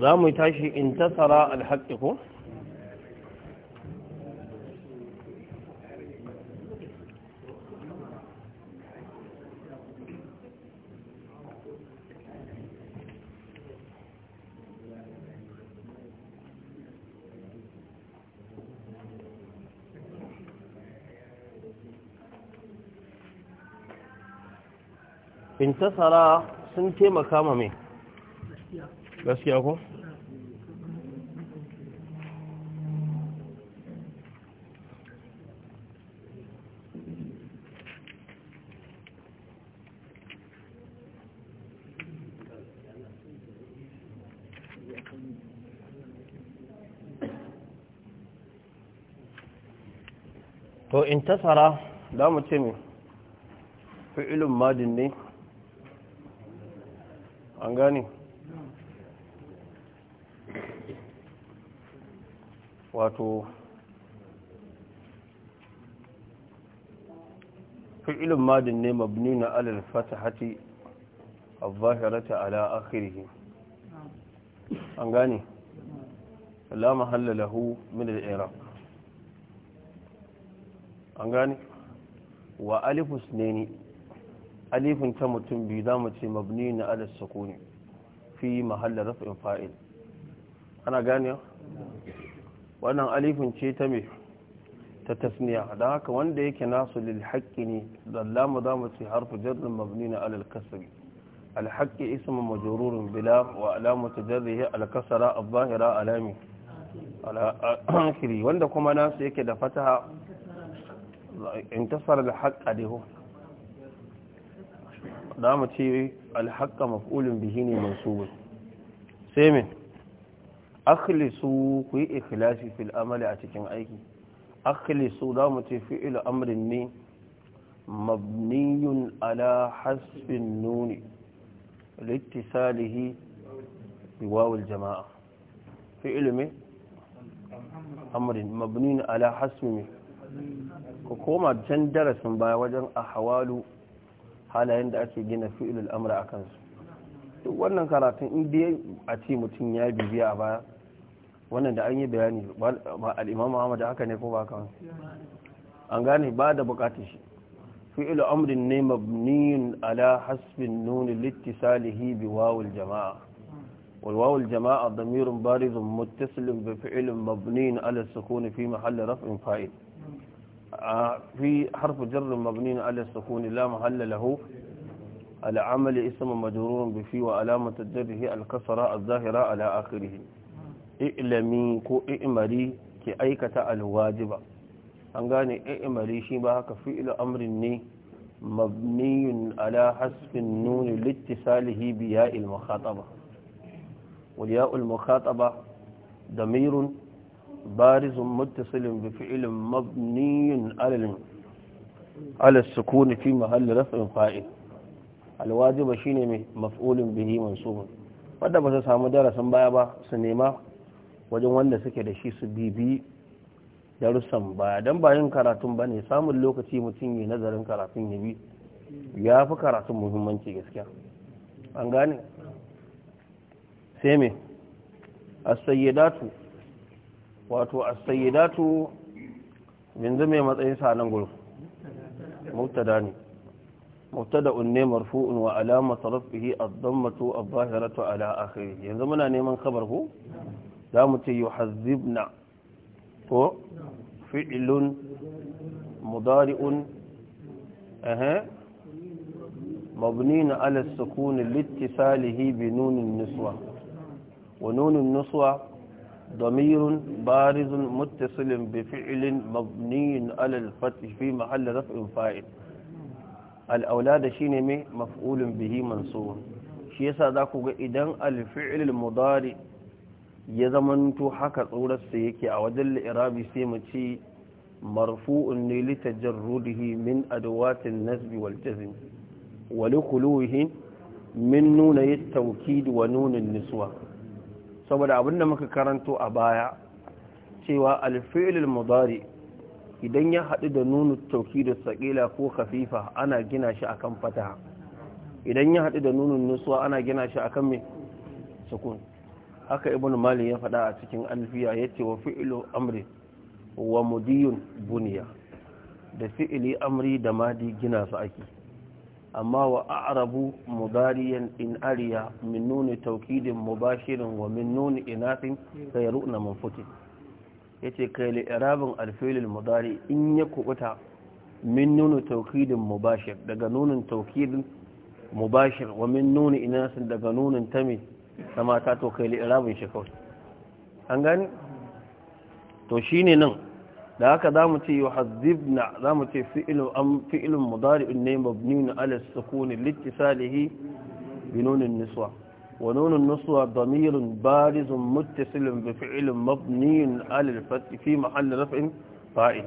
za mu tashi in tasara alhaƙi ko? in tasara sun taimaka ma mai gaskiya ko to intasara da mu ce mai madin ne an gane wato fi'ilin madin ne mabni na alal fatahati a zahirata ala akhirihi an gane la mahalla lahu min al-i'rab an gane wa alifus ne alifin ta mutum biyu mu ce mabni na alal sukuni fi mahalla raf'in fa'il ana gane wannan alifin ce ta mai ta tasniya da haka wanda yake nasu lil haqqi ne dalla za mu ce harfu jarrin mabni na alal kasri al haqqi ismu bila wa alamatu jarrihi al kasra al zahira alami al wanda kuma nasu yake da fataha in intasara al haqqa dihu da mu ce al haqqa maf'ulun bihi ne mansubun sai min akhlisu ku yi ikhlasi fil amali a cikin aiki akhlisu za mu ce fi'il amrin ne mabniyun ala hasbin nuni littisalihi bi wawul jama'a fi'il me amrin mabniyun ala hasbin ku koma can darasin baya wajen ahwalu halayen da ake gina fi'il al'amura a su duk wannan karatun indiya a ce mutum ya bibiya a baya wannan da an yi bayani ba al'imamu amma da aka nefo ba kan an gane ba da bukatun shi fi'il amrin ne mabniyin ala hasbin nuni littisalihi bi wawul jama'a wal wawul jama'a damirin barizun muttasilin bi fi'il mabniyin ala sukuni fi mahalli raf'in fa'il a fi harfu jirrin mabniyin ala sukuni la mahalla lahu al'amali isma majururin bi fi wa alamata jirrihi alkasara a zahira ala akirihi ilimi ko i'mari ke aikata alwajiba an gane i'mari shi ba haka fi'il amrin ne mabniyun ala hasfin nuni littisalihi bi ya mukhataba wal ya'ul da damirun barizun muttasilin bi fi'ilin mabniyun ala fi mahalli في محل alwaji ba shi shine mai maf'ulun bihi mansubun wadda ba su samu darasin baya ba su nema wajen wanda suke da shi su bibi darussan ba don bayan karatun ba ne samun lokaci mutum ya nazarin karatun ya bi ya fi karatun muhimmanci gaskiya an gane sai me asayyadatu wato asayyadatu yanzu mai matsayin sa nan mukta da ne mubtada unne marfu'un wa alama rafihi a dammatu adh-dhahiratu ala akhirih yanzu muna neman kabar ku. za mu ce yi ko fi’ilun mudari’un mabni na alasta kuni littisalihi bi nunin nuswa wa nunin nuswa damirun barizun muttasilin bi fi’ilin mabni na alalfati fi mahalla zafin fa’il al’aula da shi ne mai maf'ulin bihi mansuwan shi yasa za ku ga idan alfi’il mudari’ ya zamanto haka tsorarsa yake a wajen li'irabi sai mu ce marfu'un ne litajarrudihi min adawatin nasbi wal jazm wa likhuluhi min nuna yatawkid wa nunin niswa saboda abinda muka karanto a baya cewa alfi'il mudari idan ya haɗu da nunu tawkid sakila ko khafifa ana gina shi akan fataha idan ya haɗu da nunun niswa ana gina shi akan me sukun haka ibn mali ya faɗa a cikin alfiya ya ce wa fi'ilu amri wa mudiyun buniya da fi'ili amri da madi gina su ake amma wa a'rabu mudariyan in ariya min nuni taukidin mubashirin wa min nuni inafin ka ya ru'na manfuti ya ce kai li'irabin alfilin mudari in ya kubuta min nuni taukidin mubashir daga nunin taukidin mubashir wa min nuni inasin daga nunin tamis na mata to kai li'irabin shi kawai an gani to shine nan da haka za mu ce yi hazibna za mu ce fi'ilin mudari'in ne mabnin alis sukunin littisalihi binonin niswa wa nunin niswa damirin barizun muttasilin bi fi'ilin mabnin alis fatti fi mahalli rafin fa'il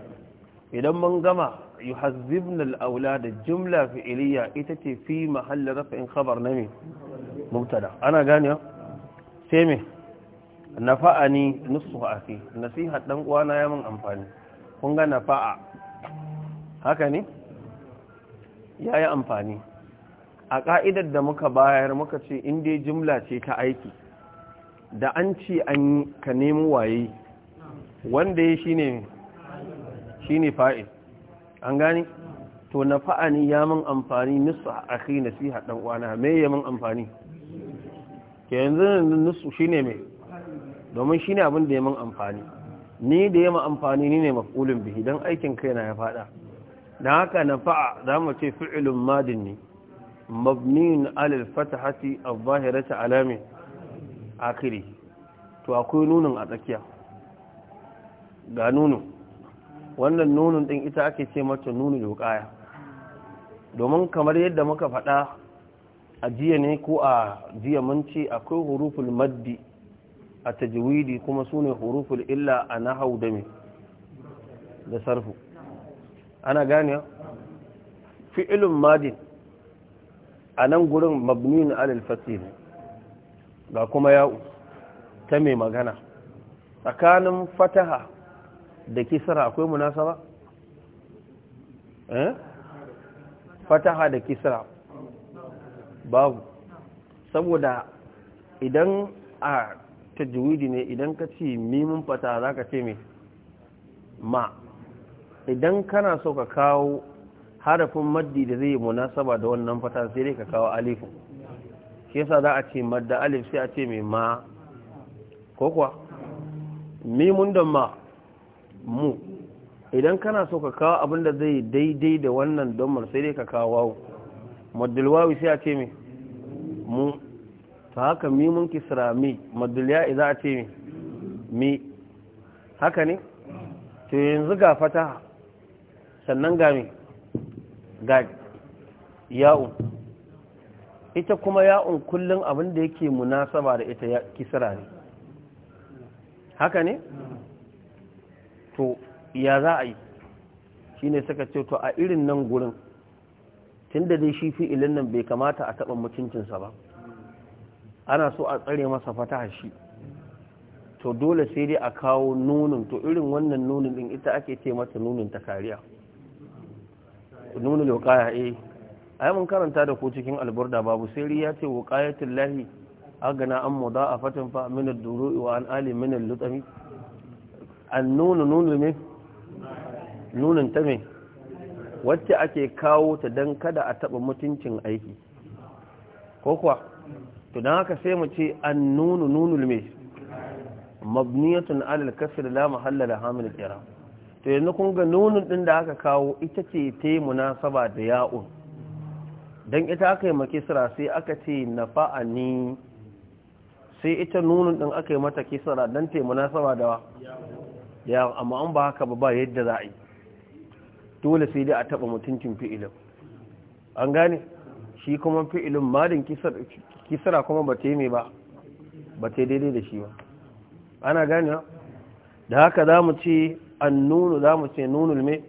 idan mun gama yi hazibna al'aula da jimla fi'iliya ita ce fi mahalli rafin khabar na ne mubtada ana ganewa sai me nafa'a ni nusu akhi nasiha dan uwana ya mun amfani kun ga nafa'a haka ne yayi amfani a ka'idar da muka bayar muka ce in dai jumla ce ta aiki da an ce an yi ka nemi waye wanda ya shine shine fa'il an gani to nafa'ani ya mun amfani nusu akhi nasiha dan uwana me ya mun amfani ke yanzu nusu shine mai domin shine abin da ya min amfani ni da ya ma amfani ni ne maf'ulun bihi don aikin kai na ya fada na haka nafa'a zamu ce fi'ilun madin ne mabniun ala hati fatahati bahira ta alami akiri to akwai nunin a tsakiya ga nunu wannan nunun din ita ake ce mata nunul wuqaya domin kamar yadda muka fada. a jiya ne ko a jiya mun ce akwai huruful maddi a tajwidi kuma su ne huruful illa a nahau da me da sarfu ana gane fi'ilun madin a nan gurin mabnin alal fasil ga kuma ya'u ta mai magana tsakanin fataha da kisra akwai munasaba eh fataha da kisra babu saboda idan a tajwidi ne idan ka ce mimin fata za ka ce mai ma idan kana so ka kawo harafin maddi da zai munasaba da wannan fata sai dai ka kawo alifu ke yasa za a ce madda alif sai a ce mai ma ko kuwa mimun da ma mu idan kana so ka kawo abin da zai daidai da wannan domar sai dai ka kawo wawu maddalwawi sai a ce mai mu ta haka mi mun kisra mi madulya za a ce mi haka ne to yanzu ga fata sannan ga mi ga ya'un ita kuma ya'un kullum abin da yake munasaba da ita kisra ne haka ne to ya za a yi shi ne suka ce to a irin nan gurin tun da dai shi fi'ilin nan bai kamata a taɓa mutuncinsa ba ana so a tsare masa fata shi to dole sai dai a kawo nunin to irin wannan nunin din ita ake ce mata nunin ta kariya nunin wuqaya eh yi mun karanta da ku cikin alburda babu sai ya ce wuqayatul lahi agana an fatan fa minar duro durui wa an ali minar lutsami an nunin nunin ne nunin ta mai. wacce ake kawo ta don kada a taba mutuncin aiki ko kuwa to don haka sai mu ce an nunu nunul mai mabniyatun alal kasir la mahalla da hamil kira to yanzu kun ga nunun din da aka kawo ita ce ta yi munasaba da ya'un don ita aka yi sai aka ce na ni sai ita nunun din aka yi mata kisara don ta yi munasaba da ya'un amma an ba haka ba ba yadda za yi dole sai dai a taba mutuncin fi'ilin an gane shi kuma fi'ilin malin kisra kuma ba ta yi mai ba ba ta daidai da shi ba ana gane da haka za mu ce an nunu za mu ce nunul mai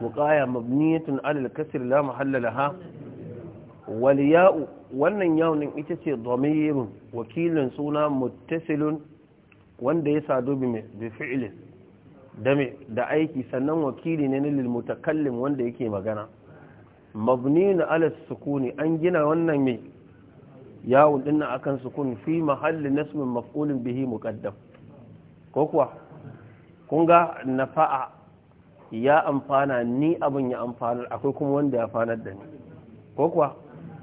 muƙaya mabniyatun alal kasir la mahallala ha wal ya'u wannan yawon ita ce domin wakilin suna muttasilun wanda ya sadu bi fi'ilin da aiki sannan wakili ne na lilmutakallim wanda yake magana na ala sukuni an gina wannan mai yawon dinna akan sukuni fi mahallin nasmin maf'ulin bihi muqaddam ko kuwa kun ga nafa'a ya amfana ni abin ya amfanar akwai kuma wanda ya fanar da ni ko kuwa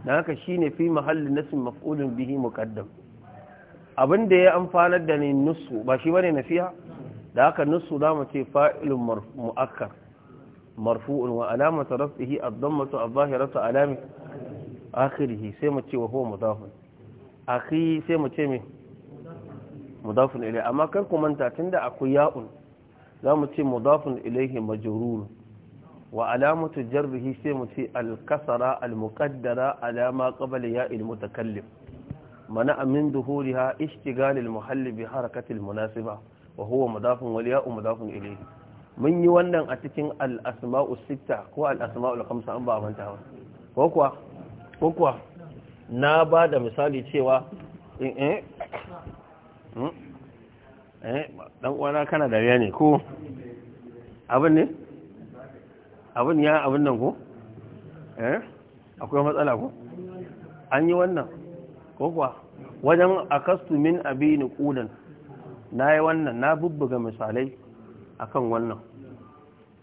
na haka shine fi mahallin nasmin maf'ulin bihi muqaddam abin da ya amfanar da ni nusu ba shi bane nasiha da haka nusu za mu ce fa'ilun mu'akkar marfu'un wa alamata rafihi ad-dammatu adh-dhahiratu alami akhirih sai mu ce wa huwa mudafun akhi sai mu ce me mudafun ilai amma kar ku manta tunda akwai ya'un za mu ce mudafun ilaihi majrur wa alamatu jarrihi sai mu ce al-kasra al-muqaddara alama qabla ya'il mutakallim mana min duhuriha ishtigal al-muhall bi harakati al-munasiba wa huwa mudafun wal ya'u mudafun ilayhi mun yi wannan a cikin al asma'u sitta ko al asma'ul khamsa an ba manta ba ko kuwa ko kuwa na ba da misali cewa in eh eh, hmm, eh dan uwana kana dariya ne ko abin ne abin ya abin nan ko eh akwai matsala ko an yi wannan ko kuwa wajen akastu min abi ni kunan na yi wannan na bubbuga misalai akan wannan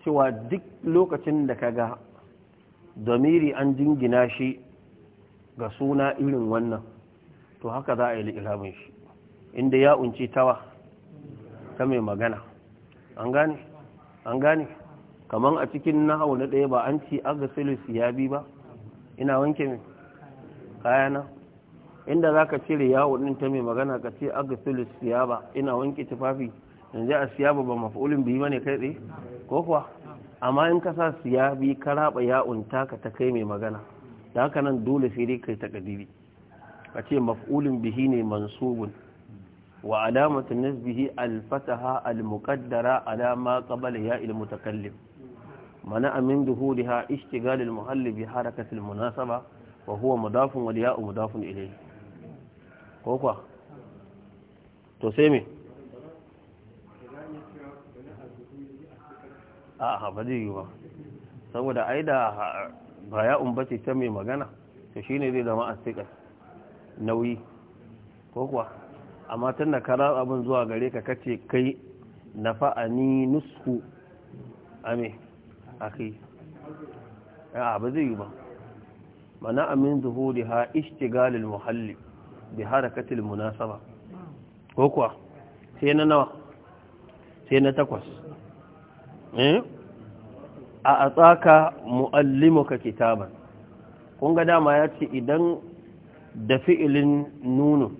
cewa duk lokacin da ka ga domiri an jingina shi ga suna irin wannan to haka za a yi li'irabin shi inda ya unci tawa ta mai magana an gane an gane kamar a cikin nahau na ɗaya ba an ci agasilis ya bi ba ina wanke mai kayana inda za ka cire yawo ɗin ta mai magana ka ce agasilis siyaba ina wanke tufafi yanzu a siyaba ba mafi biyu ne kai tsaye ko kuwa amma in ka sa siyabi ka raba yawon taka ta kai mai magana da haka nan dole sai dai kai takadiri ka ce mafulin bihi ne mansubun wa alamatu nasbihi alfataha almuqaddara ala ma qabala ya il mutakallim mana amin duhuriha ishtigal almuhalli bi harakati almunasaba wa huwa mudafun wal ya'u mudafun ilayhi ko kuwa to sai me a ba zai yi ba saboda ai da ba ya umbace ta mai magana to shine zai zama a sikar nauyi ko kuwa amma tun da kara abin zuwa gare ka kace kai na fa'ani nusku ame akai a ba zai yi ba mana amin zuhuri ha galil muhalli bi harakatil munasaba ko kuwa sai na nawa sai na takwas eh? a atsaka muallimuka kitaban kun ga dama ya ce idan da fi'ilin nunu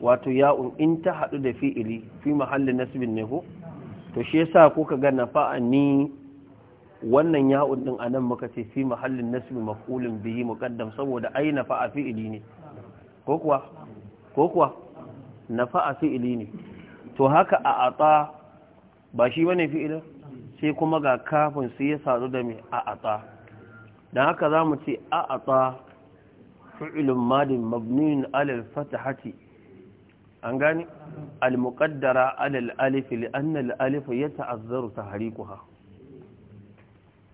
wato ya'un in ta haɗu da fi'ili fi mahallin nasibin ne ko to shi yasa kuka ga nafa'a ni wannan ya'un din anan muka ce fi mahallin nasbi maf'ulun bihi muqaddam saboda ai nafa'a fi'ili ne ko kuwa ko kuwa nafa'a fi'ili ne to haka a atsa ba shi bane fi'ilin sai kuma ga kafin su ya sadu da mai a atsa don haka za mu ce a atsa fi'ilun madin mabniun alal fatahati an gani al alil alal alif li'anna al-alif yata'azzaru tahrikuha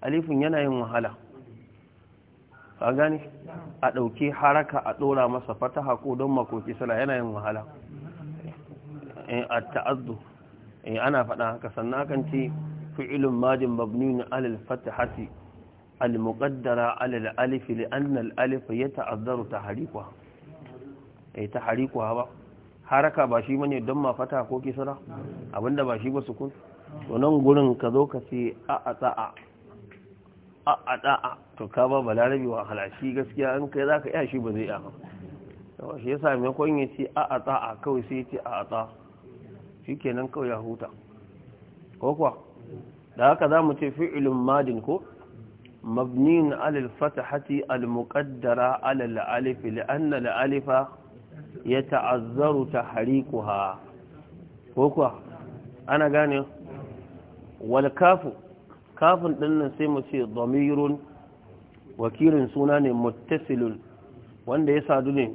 alifin yana yin wahala a gani a ɗauki haraka a ɗora masa fataha ko don makoki sala yana yin wahala eh, a ta'addu eh, ana faɗa haka sannan akan ce fi'ilun majin mabnin alal fatahati al-muqaddara alal alifi ya al-alif yata'azzaru ya ta harikuwa eh, ba haraka ba shi bane don ma fataha ko kisra abinda ba shi ba su kun nan gurin ka zo ka ce a a a a da'a to ka ba balarabi wa shi gaskiya an kai ka iya shi ba zai iya ba shi ya sami kwan ya ce a a da'a kawai sai ya ce a a shi kenan kawai ya huta ko kuwa da haka za mu ce fi'ilun madin ko مبني على الفتحة المقدرة على الألف لأن الألف ko kuwa ana gane wal kafu. kafin ɗin nan sai mu ce domirun wakilin suna ne muttasilun wanda ya sadu ne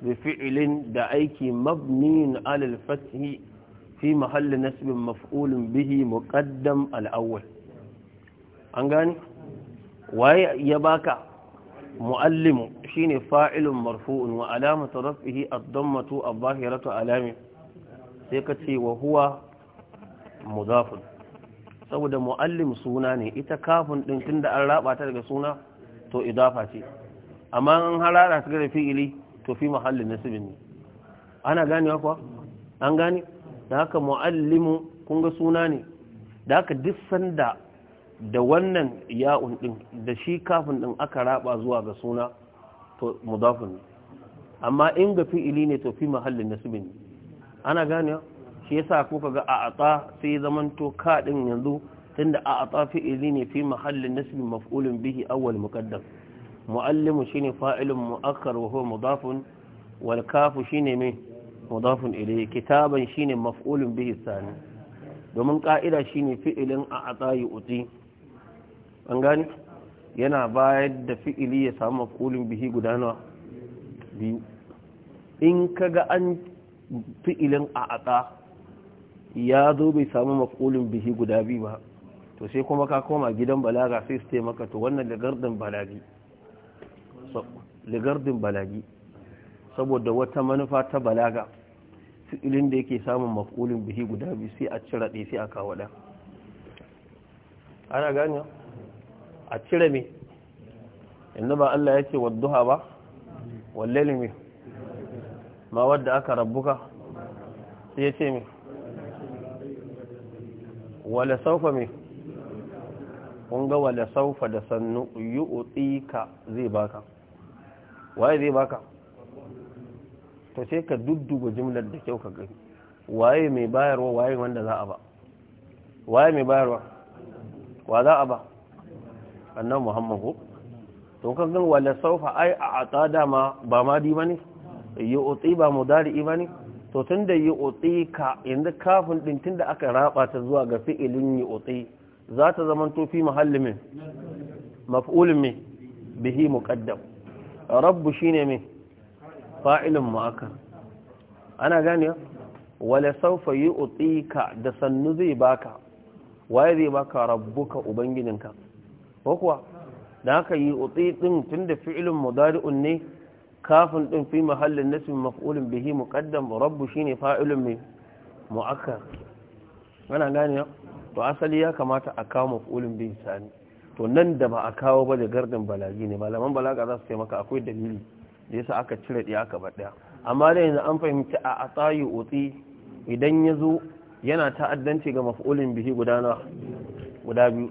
bi fi'ilin da aiki mabniyin alal fathi fi mahalli nasibin maf'ulun bihi muqaddam al'awwal an gani waye ya baka muallimu shine fa'ilun marfu'un wa alamatu raf'ihi ad-dammatu adh-dhahiratu alami sai ka ce wa huwa mudafun saboda mu'allim suna ne ita kafin din tunda an raba ta daga suna to idafa ce amma an harara ta da fi'ili to fi mahallin nasibin ne ana wa kuwa an gane da haka mu'allimu kun ga suna ne da haka duk sanda da wannan ya'un din da shi kafin din aka raba zuwa ga suna to mudafin amma in ga fi'ili ne to fi mahallin nasibin ne ana wa? shi yasa ko ga a atsa sai zamanto ka din yanzu tunda a atsa fi'ili ne fi mahallin nasbi maf'ulun bihi awwal muqaddam muallimu shine fa'ilun muakkar wa huwa mudafun wal kafu shine mai mudafun ilayhi kitaban shine maf'ulun bihi sani domin ka'ida shine fi'ilin a atsa yu'ti an gani yana bayar da fi'ili ya samu maf'ulun bihi gudanarwa biyu in kaga an fi'ilin a atsa ya zo bai samu makulin bihi guda biyu ba to sai kuma ka koma gidan balaga sai su taimaka to wannan ligardin balagi balagi saboda wata manufa ta balaga fi'ilin da yake samun makulin bihi guda biyu sai a cira ɗaya sai a kawo ɗan ana gani a cire me inda ba Allah ya ce wadduha ba wallele me ma wadda aka rabbuka sai ya ce mai wala saufa me ƙunga wala saufa da sannu yi ka zai baka waye zai baka to sai ka dudduba jimlar da kyau ka gani waye mai bayarwa waye wanda za a ba waye mai bayarwa wa za a ba annan muhammadu ko to kan gan wala saufa ai a ata dama ba ma di ne yi utsi ba ba ne to tun da yi otsi ka yanzu kafin ɗin tun da aka raba ta zuwa ga fi'ilin yi otsi za ta zama tofi muhallimin maf'ulun mai bihi muƙaddam rabbu shi ne mai fa'ilin ma'aka ana gani wale saufa yi otsi ka da sannu zai baka waye zai baka rabbuka ubangininka ko kuwa da aka yi otsi ɗin tun da fi'ilin mudari'un ne kafin ɗin fi mahallin nasi maf'ulin bihi muqaddam rabbu shine fa'ilun min mu'akkar ana gane ya to asali ya kamata a kawo maf'ulin bihi sani to nan da ba a kawo ba da gardin balagi ne malaman balaga za su taimaka akwai dalili da yasa aka cire ɗaya aka amma da yanzu an fahimci a atayu utsi idan ya zo yana ta'addanci ga maf'ulin bihi guda na guda biyu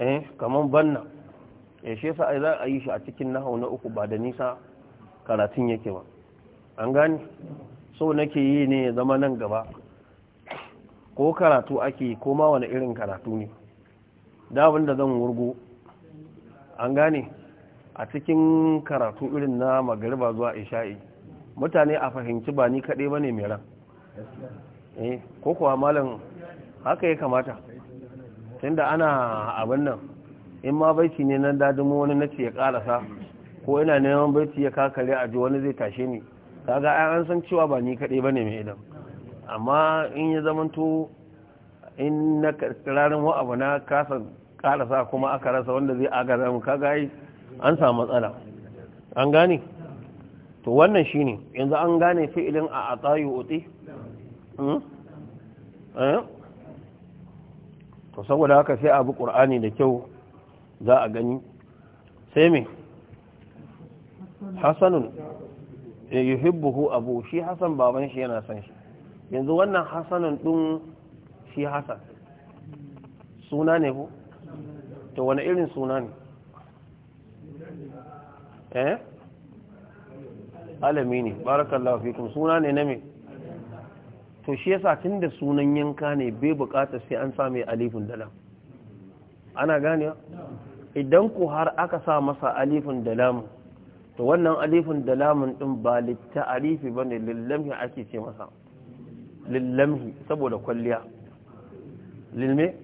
eh kaman banna ya eh, shi za a yi shi a cikin nahau na uku ba da nisa karatun yake ba an gani so nake yi ne zama nan gaba ko karatu ake ko ma wani irin karatu ne damar da zan wurgo an gane a cikin karatu irin na magariba zuwa isha'i mutane a fahimci ba ni kaɗai ba ne mai ran eh, ko kuwa malam haka ya kamata tun da ana abin nan in ma baiti ne na dadimo wani nace ya karasa ko ina neman baiti ya kakare a ji wani zai tashe ni kaga an san cewa ba ni kadai bane mai idan amma in ya to in na kirarin wa abu na kasa karasa kuma aka rasa wanda zai agaza mu kaga ai an samu matsala an gane to wannan shine yanzu an gane fi'ilin a atayu uti hmm? eh? to saboda haka sai abu qur'ani da kyau za a gani sai me hasanun eh, hibbuhu abu shi hasan baban shi yana son shi yanzu wannan hasanun ɗin shi hasan suna ne bu to wani irin suna ne eh alami ne barakallahu fikum suna ne na mai to shi yasa da sunan yanka ne bai bukatar sai an same alifin dalam ana ganewa idan ku har aka sa masa alifin da lamun to wannan alifin da lamun din ba litta'arifi bane lillamhi ake ce masa lillamhi saboda kwalliya lilme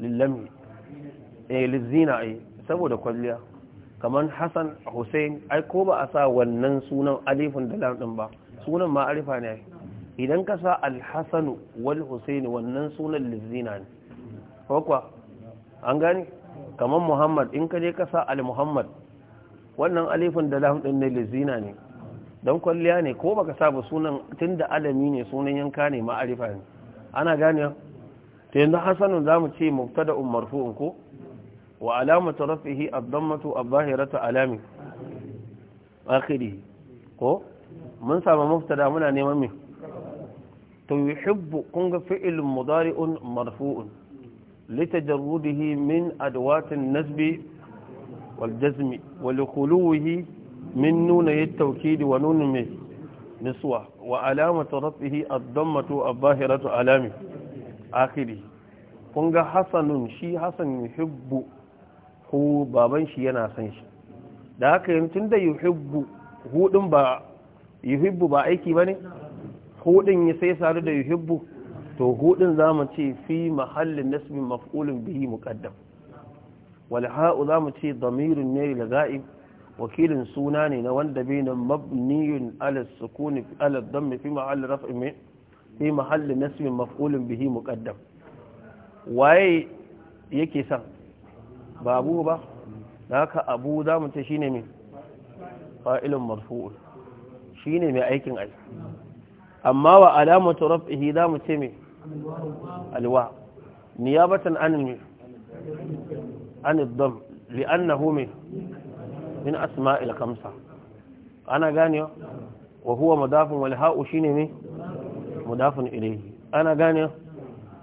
lillamhi eh lizina ai eh, saboda kwalliya kaman hasan Hussein ai ko ba a sa wannan sunan alifin da lamun din ba sunan ma arifa ne idan ka sa alhasanu hasan wal wannan sunan lizina ne ko kwa. an gani kamar muhammad in ka je ka sa al-muhammad wannan alifin da lam ɗin ne lizina ne don kwalliya ne ko baka sa ba sunan da alami ne sunan yanka ne ma'arifa ne ana gane ta yanzu hasanun zamu ce da umarfu ko wa alamatu rafihi ad-dammatu a alami akiri ko mun samu da muna neman ta to yuhibbu kun ga fi'il mudari'un marfu'un لتجرده من أدوات النسب والجزم ولخلوه من نون التوكيد ونون نسوة وعلامة رفعه الضمة الظاهرة علامه آخره kunga hasanun shi hasan yuhibbu hu baban shi yana san shi da haka yin tun da yuhibbu hu ba yuhibbu ba aiki bane hu din ya sai sadu da yuhibbu to hudin za mu ce fi mahallin nasbin maf'ulin bihi muqaddam wal ha'u za mu ce damirun ne laga'ib wakilin suna ne na wanda bai na mabniyun ala sukuni ala dhamm fi mahall min fi mahall nasbin maf'ulin bihi muqaddam waye yake san babu ba haka abu za mu ce shine me fa'ilun marfu'un shine mai aikin aiki amma wa alamatu raf'ihi za mu ce me الواء نيابة عن عن الضم لأنه من من asma'il الخمسة أنا gane وهو مضاف mudafun wal ha'u shine ne mudafun ilayhi ana gane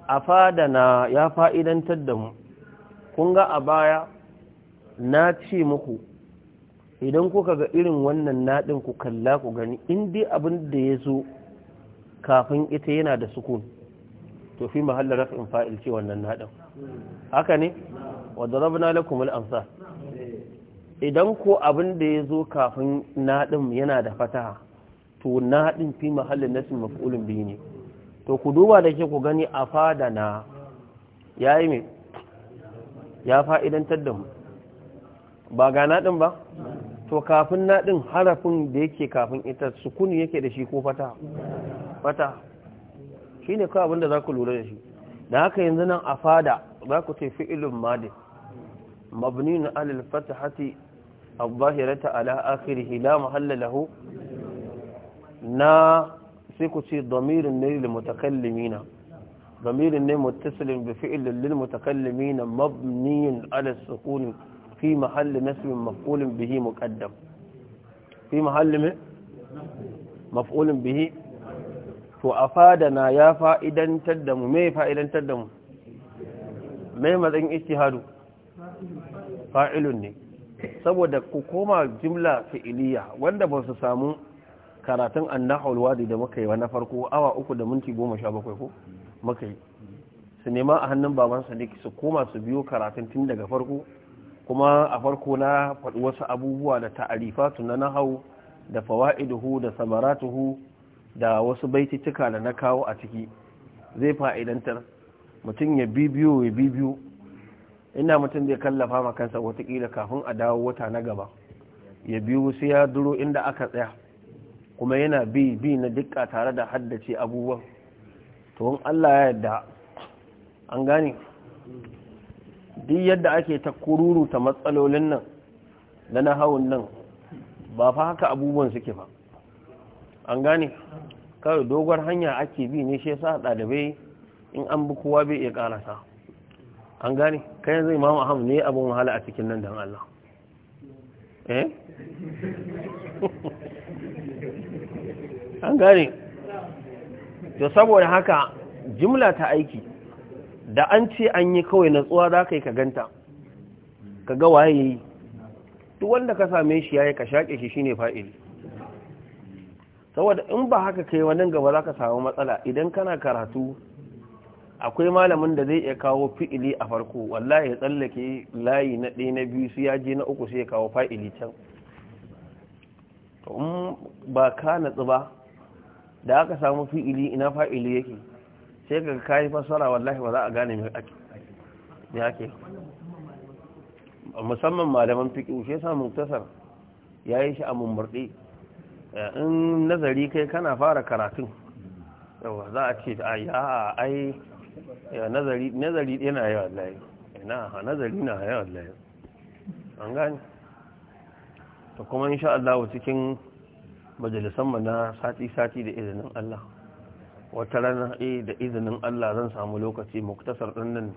afadana ya fa'idantar da mu kunga a baya na ce idan kuka ga irin wannan naɗin ku kalla ku gani indai abin da ya zo kafin ita yana da sukun to fi mahallar raf'in fa'il ce wannan naɗin haka ne wa na lakum al-amsal idan ko abin da ya zo kafin naɗin yana da fataha to naɗin fi mahallin nasin maf'ulun biyu ne to ku duba da ke ku gani a fada na ya yi mai ya fa'idantar da mu ba ga naɗin ba to kafin naɗin harafin da yake kafin ita sukuni yake da shi ko fata shi ne kawai abinda za ku lura da shi da haka yanzu nan a fada za ku ce fi'ilun madin mabni na alil fatahati ala akhirihi la na sai ku ce damirin ne lil mutakallimina ne bi fi mahalli maf'ulin bihi fi maf'ulin bihi to a na ya fa'idantar da mu mai fa'idantar da mu mai matsayin istihadu fa'ilun ne saboda ku koma jimla fi'iliya wanda ba su samu karatun na wadi da muka yi wa na farko awa uku da minti goma sha bakwai ko muka yi su nema a hannun baban sadiki su koma su biyo karatun tun daga farko kuma a farko na faɗi wasu abubuwa da ta'arifa na nahau da fawa'iduhu da samaratuhu da wasu baitittuka da na kawo a ciki zai fa'idantar mutum ya bibiyo ya bibiyo ina mutum zai kallafa makansa watakila kafin a dawo wata na gaba ya biyu sai ya duro inda aka tsaya kuma yana bi bi na dukka tare da haddace abubuwan to Allah ya yadda an gane duk yadda ake ta kururuta matsalolin nan da na hawan nan ba fa haka abubuwan suke ba an gane kawai dogon hanya ake bi ne shi ya yasa ɗalibai in an bi kowa bai iya karasa an gane kai zai a ahmad ne abin wahala a cikin nan don Allah eh an gane to saboda haka jimla ta aiki da an ce an yi kawai natsuwa za ka yi ka ganta ka ga waye yi duk wanda ka same shi ya yi ka shaƙe shi ne fa'ili saboda in ba haka kai wannan gaba za ka samu matsala idan kana karatu akwai malamin da zai iya kawo fi'ili a farko wallahi ya tsallake layi na ɗaya na biyu su je na uku sai ya kawo fa'ili can in ba ka natsu ba da aka samu fi'ili ina fa'ili yake sai ka kayi fassara wallahi ba za a gane mai ake ake musamman malaman fiƙi shi yasa muktasar ya yi shi a mummurɗe in nazari kai kana fara karatun yawa za a ce a ya ai nazari yana yawa layi na nazari na yawa layi an gani ta kuma insha Allah cikin majalisanmu na sati-sati da izinin Allah wata rana e da izinin Allah zan samu lokaci muktasar ɗannan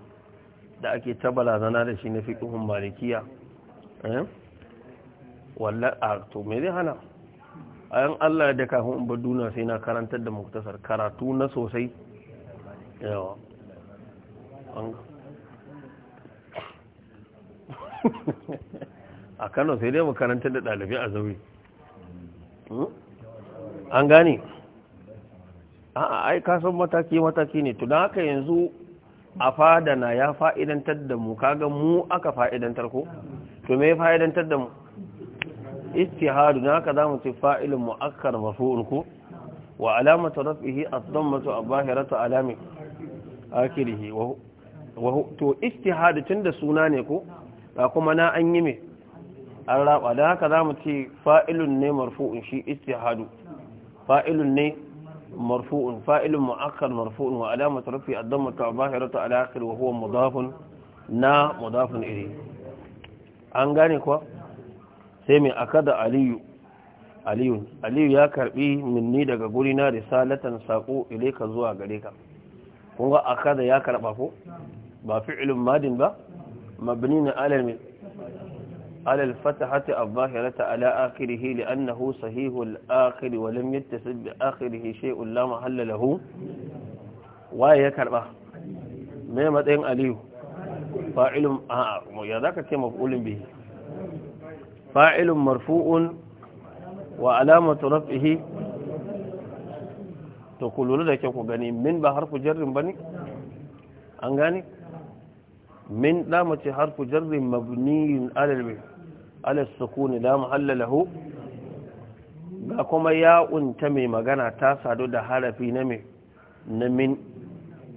da ake tabbala zana da shi na ƙuhun malikiya eh? wallar a to mai zai hana a yan Allah da kafin in bar sai na karantar da muktasar karatu na sosai yawa a Kano sai dai mu da ɗalibi a zaune. Hmm? an gane a'a ai kasan mataki mataki ne Tuna haka yanzu a fadana ya fa'idantar da mu kaga mu aka fa'idantar ko to me fa'idantar da mu istihadu na haka zamu ce fa’ilin mu'akkar maf'ul wa alamatu raf'ihi ad-dammatu abahiratu alami akhirih wa to istihadu tunda suna ne ko da kuma na an yi me an raba da haka zamu ce fa'ilun ne marfu'un shi istihadu fa'ilun ne marfu'un fa'ilun mu'akkar marfu'un wa alamatu raf'ihi ad-dammatu abahiratu alakhir wa huwa mudafun na mudafun ilayhi an gane kuwa sai mai aka da aliyu aliyu ya karbi minni daga guri na gurina risalatan saƙo ile ka zuwa gare ka kun ga aka da ya karba ko ba fi ilin madin ba mabini na alal fatahati al-zahirata ala na hu sahihu al-akhir wa lam yattasib bi shi shay'un la mahalla hu waye ya karba me matsayin aliyu fa'ilum a ya ka ce ulin bihi fa'ilun marfu'un wa alamatu raf'ihi to ku lura da ke ku gani min ba harfu jarrin bane an gane min damace harfu jarrin mabniyin alalbi alal sukuni la mahalla lahu ga kuma ya'un ta mai magana ta sadu da harafi na min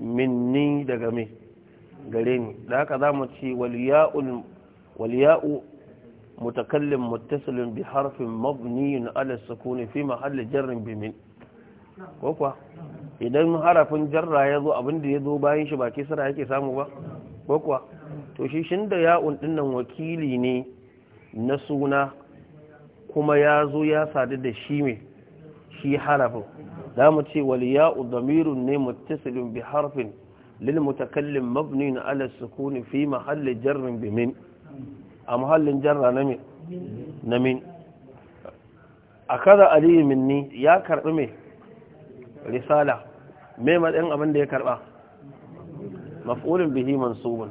minni daga mai gare ni da haka za mu ci waliya'u متكلم متصل بحرف مبني على السكون في محل جر بمن كوكو idan harafin jarra ya zo abinda ya zo bayan shi ba kisra yake samu ba ko to shi shin da ya'un dinnan wakili ne na suna kuma ya zo ya sadu da shi me shi harafin za mu ce wal ya'u damirun ne muttasilun bi harfin lil mutakallim mabnin ala sukuni fi mahalli jarrin bi a muhallin jarra na min na kada aliyu minni ya karbi mai risala mai matsayin abin da ya karba mafulin bihi mansubun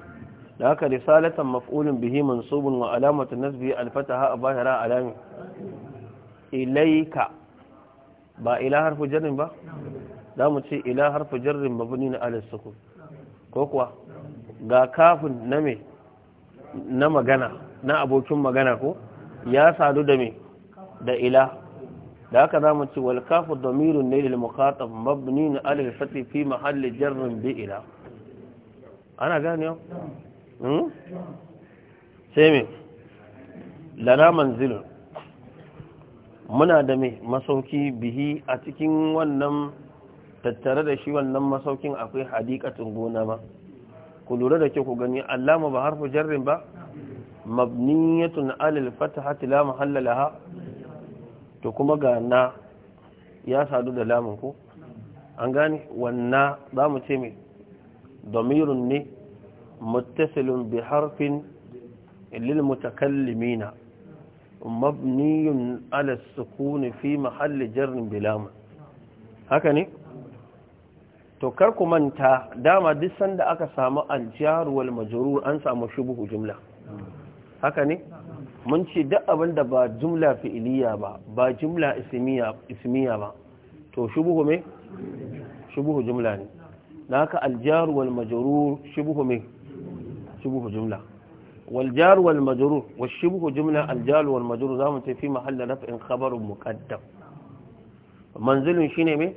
da haka risalatan mafulin bihi mansubun wa alamatu nasbi alfataha a bahira alami ilaika ba ila harfu jarrin ba za mu ce ila harfu jarrin mabni na alif sukun ko kuwa ga kafin na me na magana na abokin magana ko ya sadu da me da ila da haka zamu ci wal kafu damirun ne lil muqatab mabni na alif fati fi mahalli jarr bi ila ana gane yo hmm sai me lana manzil muna da me masauki bihi a cikin wannan tattare da shi wannan masaukin akwai hadikatun gona ba ku lura da ke ku gani allama ba harfu jarrin ba mabniyatun alal fatahati la mahalla laha to kuma ga na ya sadu da lamun ku an gane wanna za mu ce mai damirun ne muttasilun bi harfin lil mutakallimina mabniyun ala sukuni fi mahalli jarrin bi lamun haka ne to kar ku manta dama duk sanda aka samu aljar wal an samu shubuhu jumla haka ne mun ce duk abin da ba jumla fi'iliya ba ba jumla ismiya ba to shubuhu me shubuhu jumla ne na haka aljaru wal majrur shubuhu me shubuhu jumla wal jar wal majrur wal shubuhu jumla al wal majrur zamu ce fi mahalla raf'in khabarun muqaddam manzilun shine me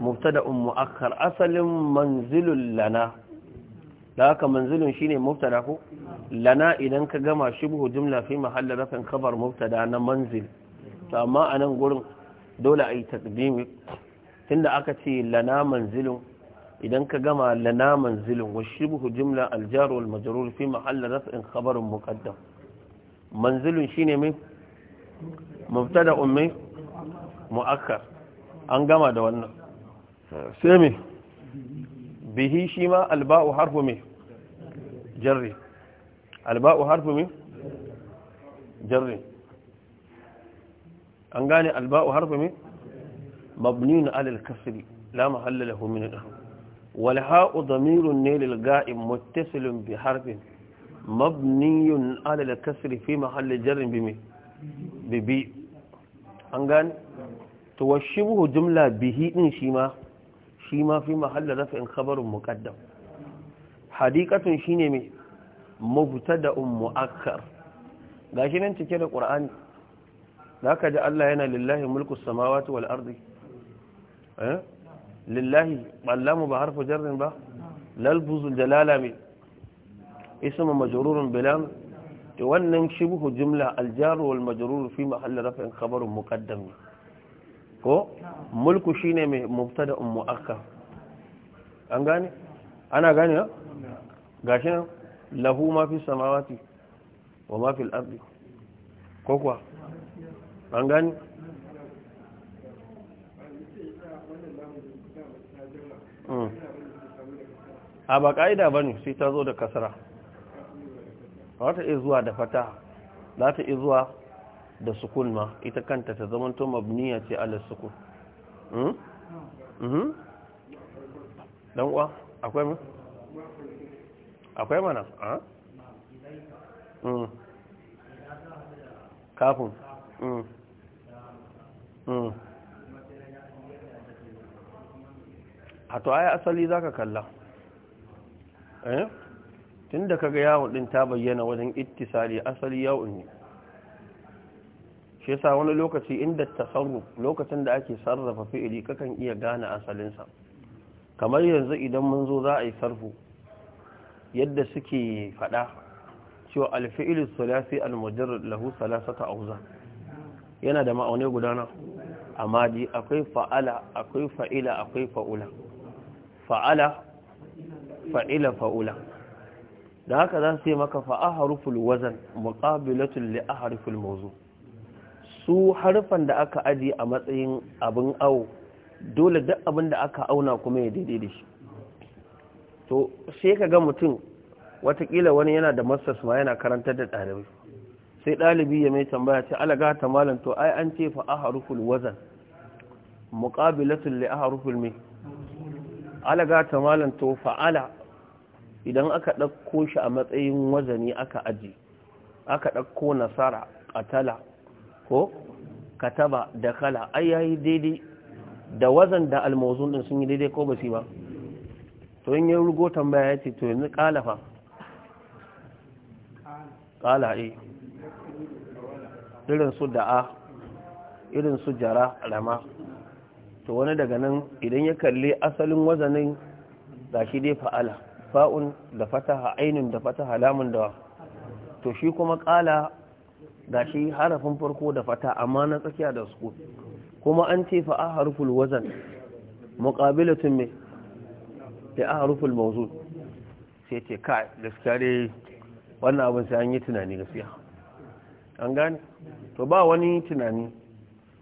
mubtada'un mu'akhkhar asalin manzilul lana da haka manzilun shine mubtada ko lana idan ka gama shibhu jumla fi mahalli rafin khabar mubtada na manzil to amma a nan gurin dole ai yi taqdimi tunda aka ce lana manzilun idan ka gama lana manzilun wa shibhu jumla aljar wal majrur fi mahalli rafin khabar muqaddam manzilun shine mai mubtada ummi muakkar an gama da wannan sai me bihi shi ma alba'u harfu mai jarri alba'u harfu min jarri an gane alba'u harfu min mabniun alal kasri la mahalla lahu min al-harf wal ne lil ga'ib muttasilun bi harfin mabniun alal kasri fi mahalli jarrin bi bi an gane to washibhu jumla bihi ɗin shi ma shi ma fi mahalla rafin khabarun muqaddam hadikatun shine mai um mu'akkar gashi nan cike da qur'ani zaka ji Allah yana lillahi mulku samawati wal ardi eh lillahi ballamu ba harfu jarrin ba lal buzul jalala mai ismu majrurun bilam to wannan shibhu jumla al jar wal majrur fi mahall raf'in khabar muqaddam ko mulku shine mai um mu'akkar an gane ana gani ya gashi nan lahu ma fi samawati wa ma fi al'abdi ko kuwa an gani hmm. a ba ka'ida ba ne sai ta zo da kasara za ta iya zuwa da fata za ta iya zuwa da sukun ma ita kanta ta to mabniya ce ala sukun hmm? Hmm? dan uwa akwai mu akwai mana a ah? mm. kafin mm. Mm. a to ai asali zaka kalla eh tunda kaga yawo din ta bayyana wajen ittisali asali yawo ne shi yasa wani lokaci inda tasarruf lokacin da ake sarrafa fi'ili kakan iya gane asalinsa. kamar yanzu idan mun zo za a yi sarfu yadda suke fada cewa alfi'il al almujarrad lahu salasata auza yana da ma'aune gudana amadi akwai fa'ala akwai fa'ila akwai fa'ula fa'ala fa'ila fa'ula da haka za su yi maka fa'a haruful wazan muƙabilatul li haruful mawzu su harfan da aka aji a matsayin abin awo dole duk abin da aka auna kuma ya daidai da shi to sai ka ga mutum watakila wani yana da masters ma yana karantar da ɗalibai sai ɗalibi ya mai tambaya ce alaga ta malam to ai an ce fa aharuful wazan muqabilatul li aharuful mai alaga ta malam to fa'ala idan aka ɗauko shi a matsayin wazani aka aji aka ɗauko nasara ƙatala ko kataba da kala ai yayi daidai da wazan da almozun din sun yi daidai ko basi ba to in ya rugo tambaya ya ce to yanzu kala kala eh irin su da'a irin su jara rama to wani daga nan idan ya kalli asalin wazanin gashi dai fa'ala fa'un da fataha Ainin da fataha lamun da to shi kuma kala gashi harafin farko da fata amma na tsakiya da su kuma an ce fa a harful wazan muƙabilatun mai da a harful mawzu sai ce ka su kare wannan abin sai an yi tunani gaskiya an gane to ba wani tunani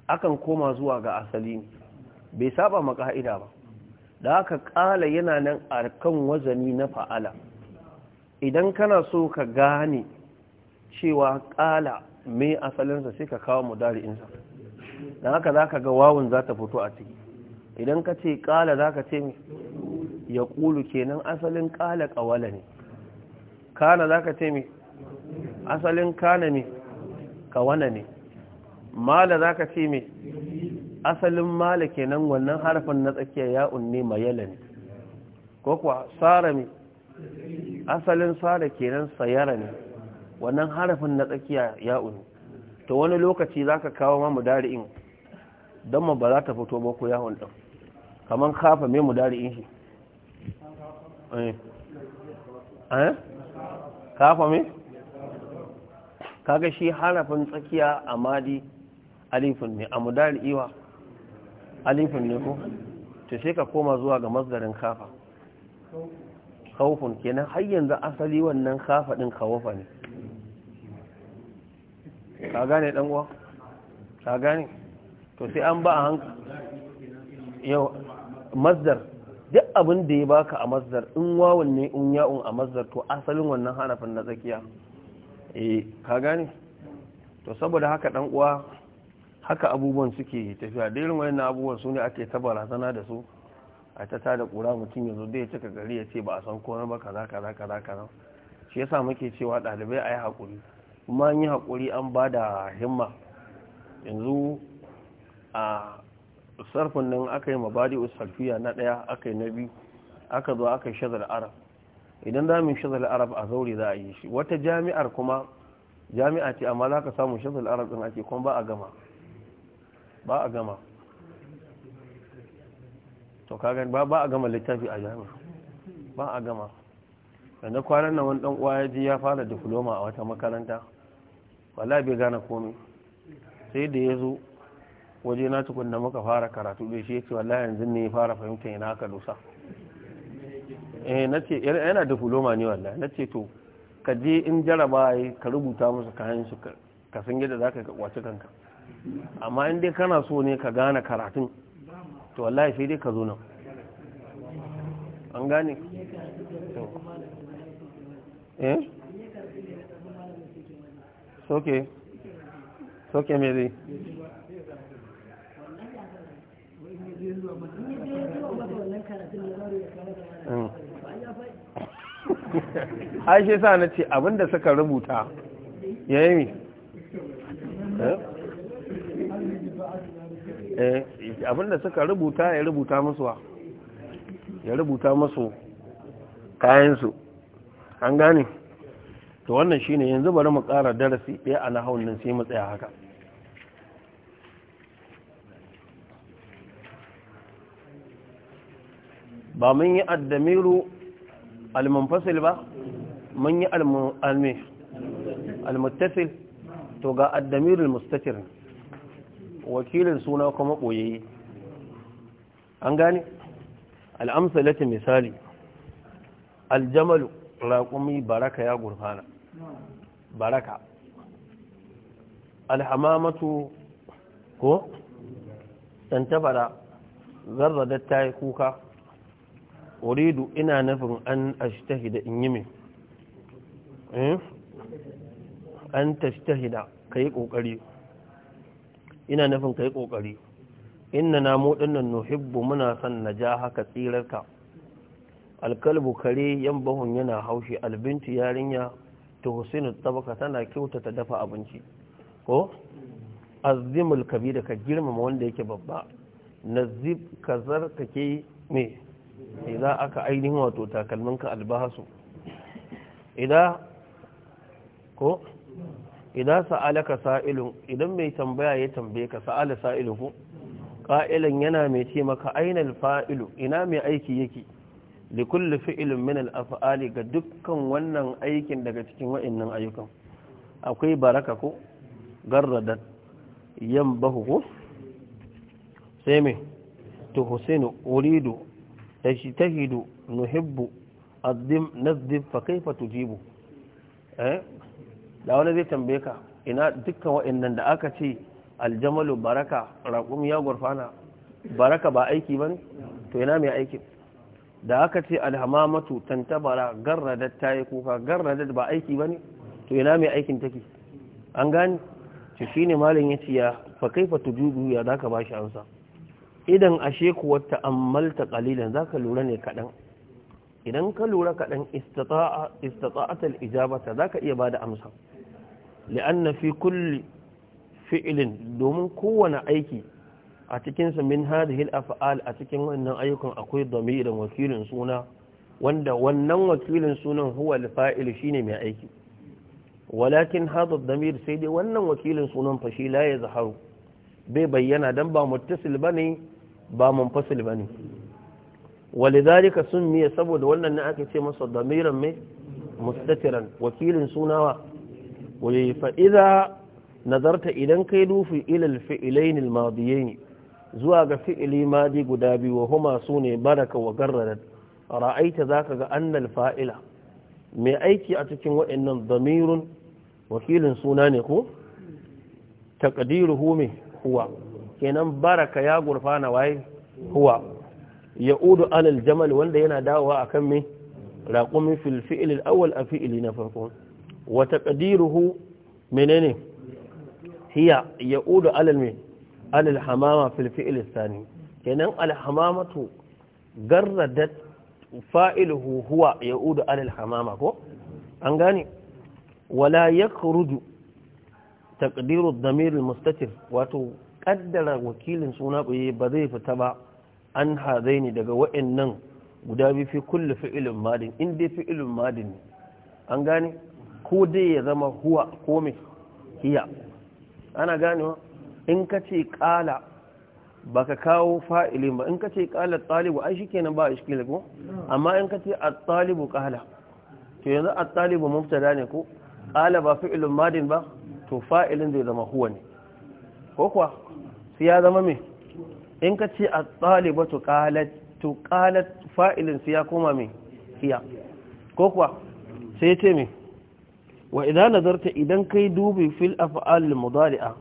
akan koma zuwa ga asali ne bai saba haida ba da aka ƙala yana nan a kan wazani na fa'ala idan kana so ka gane cewa ƙala mai asalinsa sai ka kawo mu insa. don haka za ka ga wawun za ta fito a ciki idan ka ce ƙala za ka ce ya ƙulu kenan asalin ƙala ƙawala ne kana za ka ce mai asalin kana ne ƙawana ne mala za ka ce mai asalin mala kenan wannan harafin na tsakiya ya'un ne mayala ne ko kuwa tsara mai asalin tsara kenan sayara ne wannan harafin na tsakiya ya'un to wani lokaci za ka kawo mamu dari'in don ma ba za ta fito ba ko yawon ɗan kamar kafa mai mudari'in shi eh. Eh? kafa mai kaga shi harafin tsakiya a madi alifin ne a iwa? alifin ne ko Ta sai ka koma zuwa ga mazgarin kafa kawufin kenan har yanzu asali wannan kafa ɗin kawufa ne ka gane ɗan'uwa ka gane to sai an ba a yau mazdar duk abin da ya baka a mazdar in wawan ne in ya'un a mazdar to asalin wannan hanafin na tsakiya eh ka gane to saboda haka dan uwa haka abubuwan suke tafiya da irin wayannan abubuwan su ne ake ta barazana da su a ta tada kura mutum yanzu da ya cika gari ya ce ba a san ko ba kaza kaza kaza kaza shi yasa muke cewa ɗalibai a yi haƙuri kuma an yi haƙuri an ba da himma yanzu a sarfin nan aka yi mabadi usarfiya na ɗaya aka yi na biyu aka zo aka yi shazar arab idan za mu yi shazar arab a zaure za a yi shi wata jami'ar kuma jami'a ce amma za ka samu shazar arab ɗin ake kuma ba a gama ba a gama to kagan ba ba a gama littafi a jami'a ba a gama yanzu kwanan nan wani ɗan'uwa uwa ya ji ya fara diploma a wata makaranta wala bai gane komai sai da ya zo waje na tukun da muka fara karatu da shi yake wallahi yanzu ne ya fara fahimta ina ka dosa eh ce yana da fuloma ne wallahi ce to ka je in jaraba yi ka rubuta musu kayan shi ka san yadda zaka ka kwaci kanka amma in dai kana so ne ka gane karatun to wallahi sai dai ka zo nan an gane eh soke soke mai zai ai shi sa na ce abinda suka rubuta ya yi eh? eh, abinda suka rubuta ya rubuta masu wa ya rubuta masu kayansu an gane to wannan shine yanzu bari mu kara darasi ɗaya a nahaunin sai mu tsaya haka ba mun yi addamiru almunfasil ba mun yi al-muttasil to ga al mustatir wakilin suna kuma ɓoyayye an gane al-amsalati misali aljamalu raqumi baraka ya gurfana baraka alhamamatu ko tantabara zarra da ta kuka uridu ina nufin an ashtahida in yi min eh? an tashtahida ka yi ƙoƙari ina nufin kayi ƙoƙari inna na muɗinnan nuhibbu muna son na ja haka tsirarka alkalbu kare yan bahun yana haushi albinci yarinya ta husinu tabaka tana kyautata dafa abinci ko azimul kabira ka girmama wanda yake babba nazib ka ke mai idan aka ainihin wato takalminka albahasu idan ko idan sa'alaka sa'ilun idan mai tambaya ya tambaye ka sa'ala sa'iluhu qa'ilan yana mai ce maka aina alfa'ilu ina mai aiki yake li kulli fi'lin min alaf'ali afali ga dukkan wannan aikin daga cikin wa'annan ayyukan akwai baraka ko garradan yambahu ko sai mai to husainu uridu تجتهد نحب الدم نذب فكيف تجيبه eh da wani zai tambaye ka ina dukkan wa'annan da aka ce aljamalu baraka raƙum ya gurfana baraka ba aiki ba ne to ina mai aikin da aka ce alhamamatu tantabara garradar ta yi kuka garradar ba aiki ba to ina mai aikin take an gani to shi ne malin ya ce ya fa kaifa tujubu ya za ka ba shi amsa idan ashe kuwa ta'ammalta qalilan zaka lura ne kadan idan ka lura kaɗan, istata'a istata'atal ijabata zaka iya bada amsa li'anna fi kulli fi'lin domin kowane aiki a cikin sa min hadhihi al-af'al a cikin wannan ayyukan akwai damirin wakilin suna wanda wannan wakilin sunan huwa al-fa'il shine mai aiki walakin hadha damir sai dai wannan wakilin sunan fashi la ya zaharu bai bayyana dan ba muttasil bane ba ba ne. munfasil zarika sun miye saboda wannan ne ake ce masa damiran mai mustatiran wakilin sunawa wani fa’iza nazarta idan kai dufi ila alfi'lain almadiyain zuwa ga fi'ili madi guda biyu wa huma ne baraka wa garrarat ra'aita ka ga annal fa'ila mai aiki a cikin wa'annan damirun wakilin suna ne ko takadiru hume huwa kenan baraka ya gurfana waye huwa ya'udu alal jamal wanda yana dawowa akan me raqumi fil fi'l al awwal a fi'li na farko wa taqdiruhu menene hiya ya'udu alal me alal hamama fil fi'l al thani kenan al hamamatu garradat fa'iluhu huwa ya'udu alal hamama ko an gane wala yakhruju taqdiru ad-damir al-mustatir wato kaddara wakilin suna ɓoye ba zai fita ba an ne daga wa'annan guda biyu fi kulli fi'ilin madin in dai fi'ilin madin ne an gane ko dai ya zama huwa ko me hiya ana ganewa in ka ce kala baka kawo fa'ilin ba in ka ce kala talibu ai kenan ba ishkila ko amma in ka ce a talibu kala to yanzu a talibu mubtada ne ko kala ba fi'ilin madin ba to fa'ilin zai zama huwa ne ko kuwa su ya zama mai in ka ce a ɗalibatu ƙalat fa'ilin su ya koma mai hiya ko kuwa sai ce mai wa idan nazarta idan kai dubi fil afa'alin mudari'a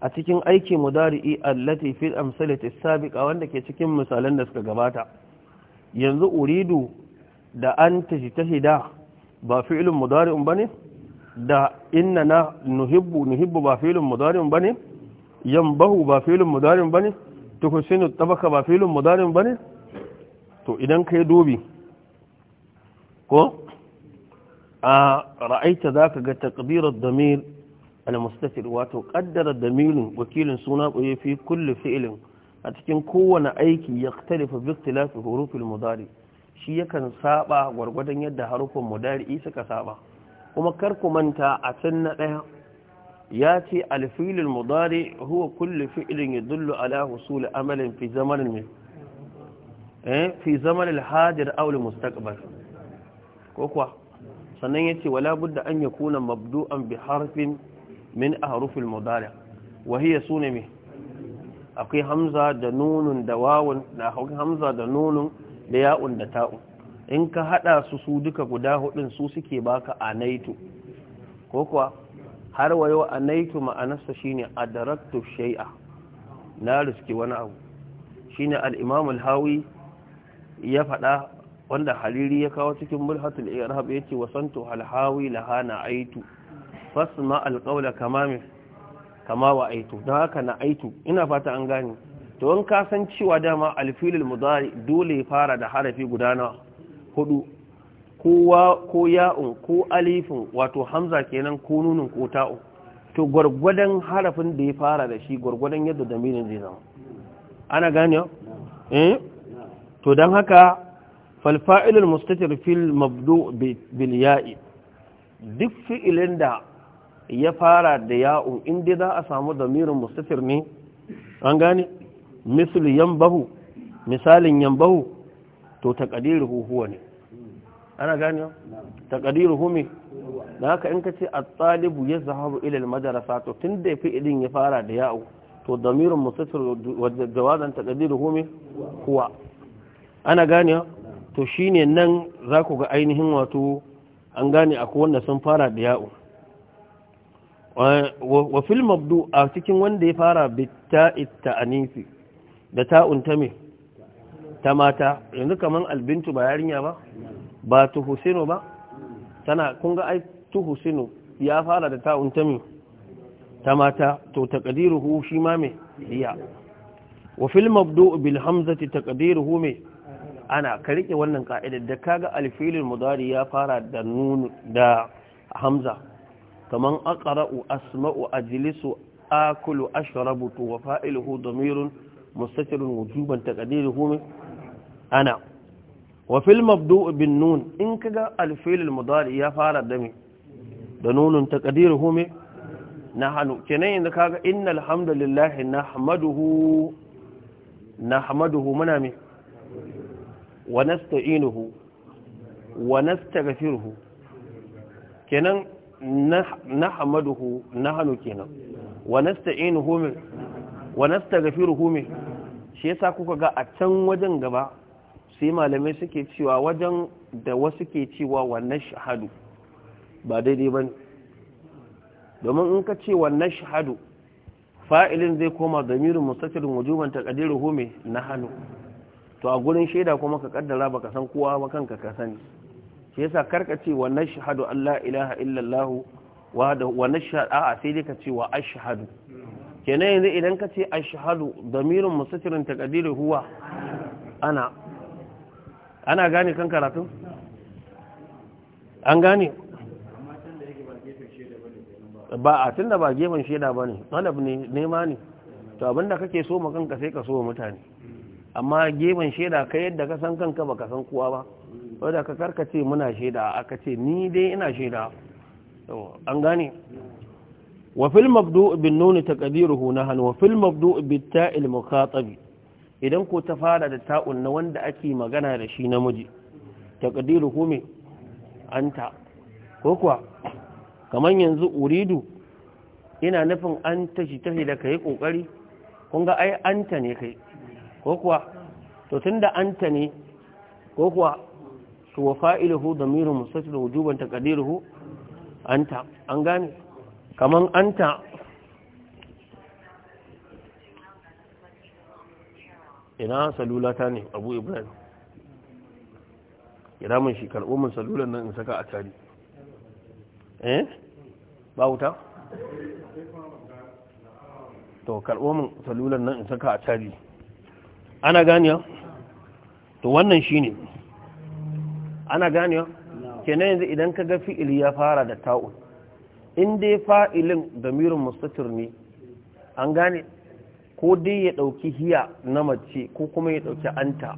a cikin aiki mudari'i allati fil amsalati sabiqa wanda ke cikin misalan da suka gabata yanzu uridu da an da ba fi’ilin mudari'un ne? da inna nuhibbu nuhibbu ba fi’ilin mudari'un ne? bahu ba filin mudarin bane tukusinu tabaka ba filin mudarin ne? to idan kai dobi ko a ra'aita zaka ga taqdirar damir al mustafir wato ƙaddarar damirin wakilin suna boye fi kulli fi'lin a cikin kowane aiki ya tarifa biktilafi hurufin mudari shi yakan saba gwargwadon yadda harufin mudari suka saba kuma kar ku manta a can na ɗaya ya ce alfilin mudari huwa kullu fi'ilin yadullu ala husul amalin fi zamanin mai fi zamanin hadir aure mustaqbal ko kuwa sannan ya ce wala budda an yakuna mabdu'an bi harfin min a harufin mudari wa hiya sunami akwai hamza da nunun da wawun da hamza da nunun da ya'un da ta'un in ka hada su su duka guda hudun su suke baka a Naito ko kuwa har wayo a anaitu ma'anarsa shine adaraktu shai'a na riski wani abu shine al al’imamul hawi ya faɗa wanda haliri ya kawo cikin mulhatul irhab yace wasantu al-hawi lahana aitu fasma ma qawla kama wa aitu don haka na aitu ina fata an gane to wani kasan cewa dama alfilil mudari dole fara da harafi guda na hudu ko ya'un ko alifin wato hamza kenan ko nunin ko ta'un to gwargwadon harafin da ya fara da shi gwargwadon yadda damirin zai zama ana gane eh to don haka falfa’ilin mustatir fil mabdu bil ya'i duk fi'ilin da ya fara da ya'un inda za a samu damirin mustatir ne an gane misal misalin yambahu to taqdiruhu huwa ne ana gani taqdiru humi da haka in kace at-talibu yazhabu ila ilil madarasa to tunda fi idin ya fara da ya'u to damirin musassar wa jawazan taqdiru humi huwa ana gani to shine nan za ku ga ainihin wato an gane akwai wanda sun fara da ya'u wa film abdu a cikin wanda ya fara a ta'anisi da ta'un ta ta mata yanzu kaman albintu ba yarinya ba ba tuhusinu ba tana kun ga ai tuhusinu ya fara da ta untami ta mata to taqdiruhu shi ma me iya wa fil mabdu' bil hamzati taqdiruhu me ana ka rike wannan ka'idar da kaga alfilul mudari ya fara da nun da hamza kaman aqra'u asma'u ajlisu akulu ashrabu wa fa'iluhu damirun mustatirun wujuban taqdiruhu ana wa fil mabdu' bin nun in kaga al fi'l al mudari ya fara da me da nunun taqdiruhu me nahnu kene inda kaga innal hamdalillahi nahmaduhu nahmaduhu muna me wa nasta'inuhu wa nastaghfiruhu kenan nahmaduhu nahnu kenan wa nasta'inuhu wa nastaghfiruhu me shi yasa kuka ga a can wajen gaba sai malamai suke cewa wajen da wasu ke cewa wannan shahadu ba daidai ba ne domin in ka ce wannan shahadu fa'ilin zai koma zamirin mustaqirin wujuban taqdiruhu home na hannu to a gurin shaida kuma ka kaddara ka san kowa ba kanka ka sani shi yasa karka ce wannan shahadu Allah ilaha illallah wannan wa a sai dai ka ce wa ashahadu kenan yanzu idan ka ce ashhadu damirun mustaqirin taqdiru huwa ana ana gane kan karatu an gane ba a tun da ba gefen shaida ba ne talab ne nema ne to abinda kake so ma kanka sai ka so mutane amma gefen shaida ka yadda ka san kanka ba ka san kuwa ba wadda ka karkace muna shaida aka ce ni dai ina shaida an gane wa fil mabdu' bin ta taqdiruhu nahan wa fil mabdu' bit ta'il mukhatabi idan ko ta fara da ta'un na wanda ake magana da shi namiji taqdiru humi anta ko kuwa kamar yanzu uridu ina nufin an tashi tafi da kai kokari kun ga ai anta ne kai ko kuwa to tunda anta ne ko kuwa to wa fa'iluhu damirun da wujuban taqdiruhu anta an gane kaman anta ina salula ta ne abu ibrahim ina mun shi karɓo mun salulan nan in saka a tari eh ba wuta to karɓo mun salulan nan in saka a tari ana ganiya to wannan shine ana ganiya kenan yanzu idan ka ga fi'il ya fara da ta'un in dai fa'ilin damirin mustatir ne an gane ko dai ya ɗauki hiya na mace ko kuma ya ɗauki anta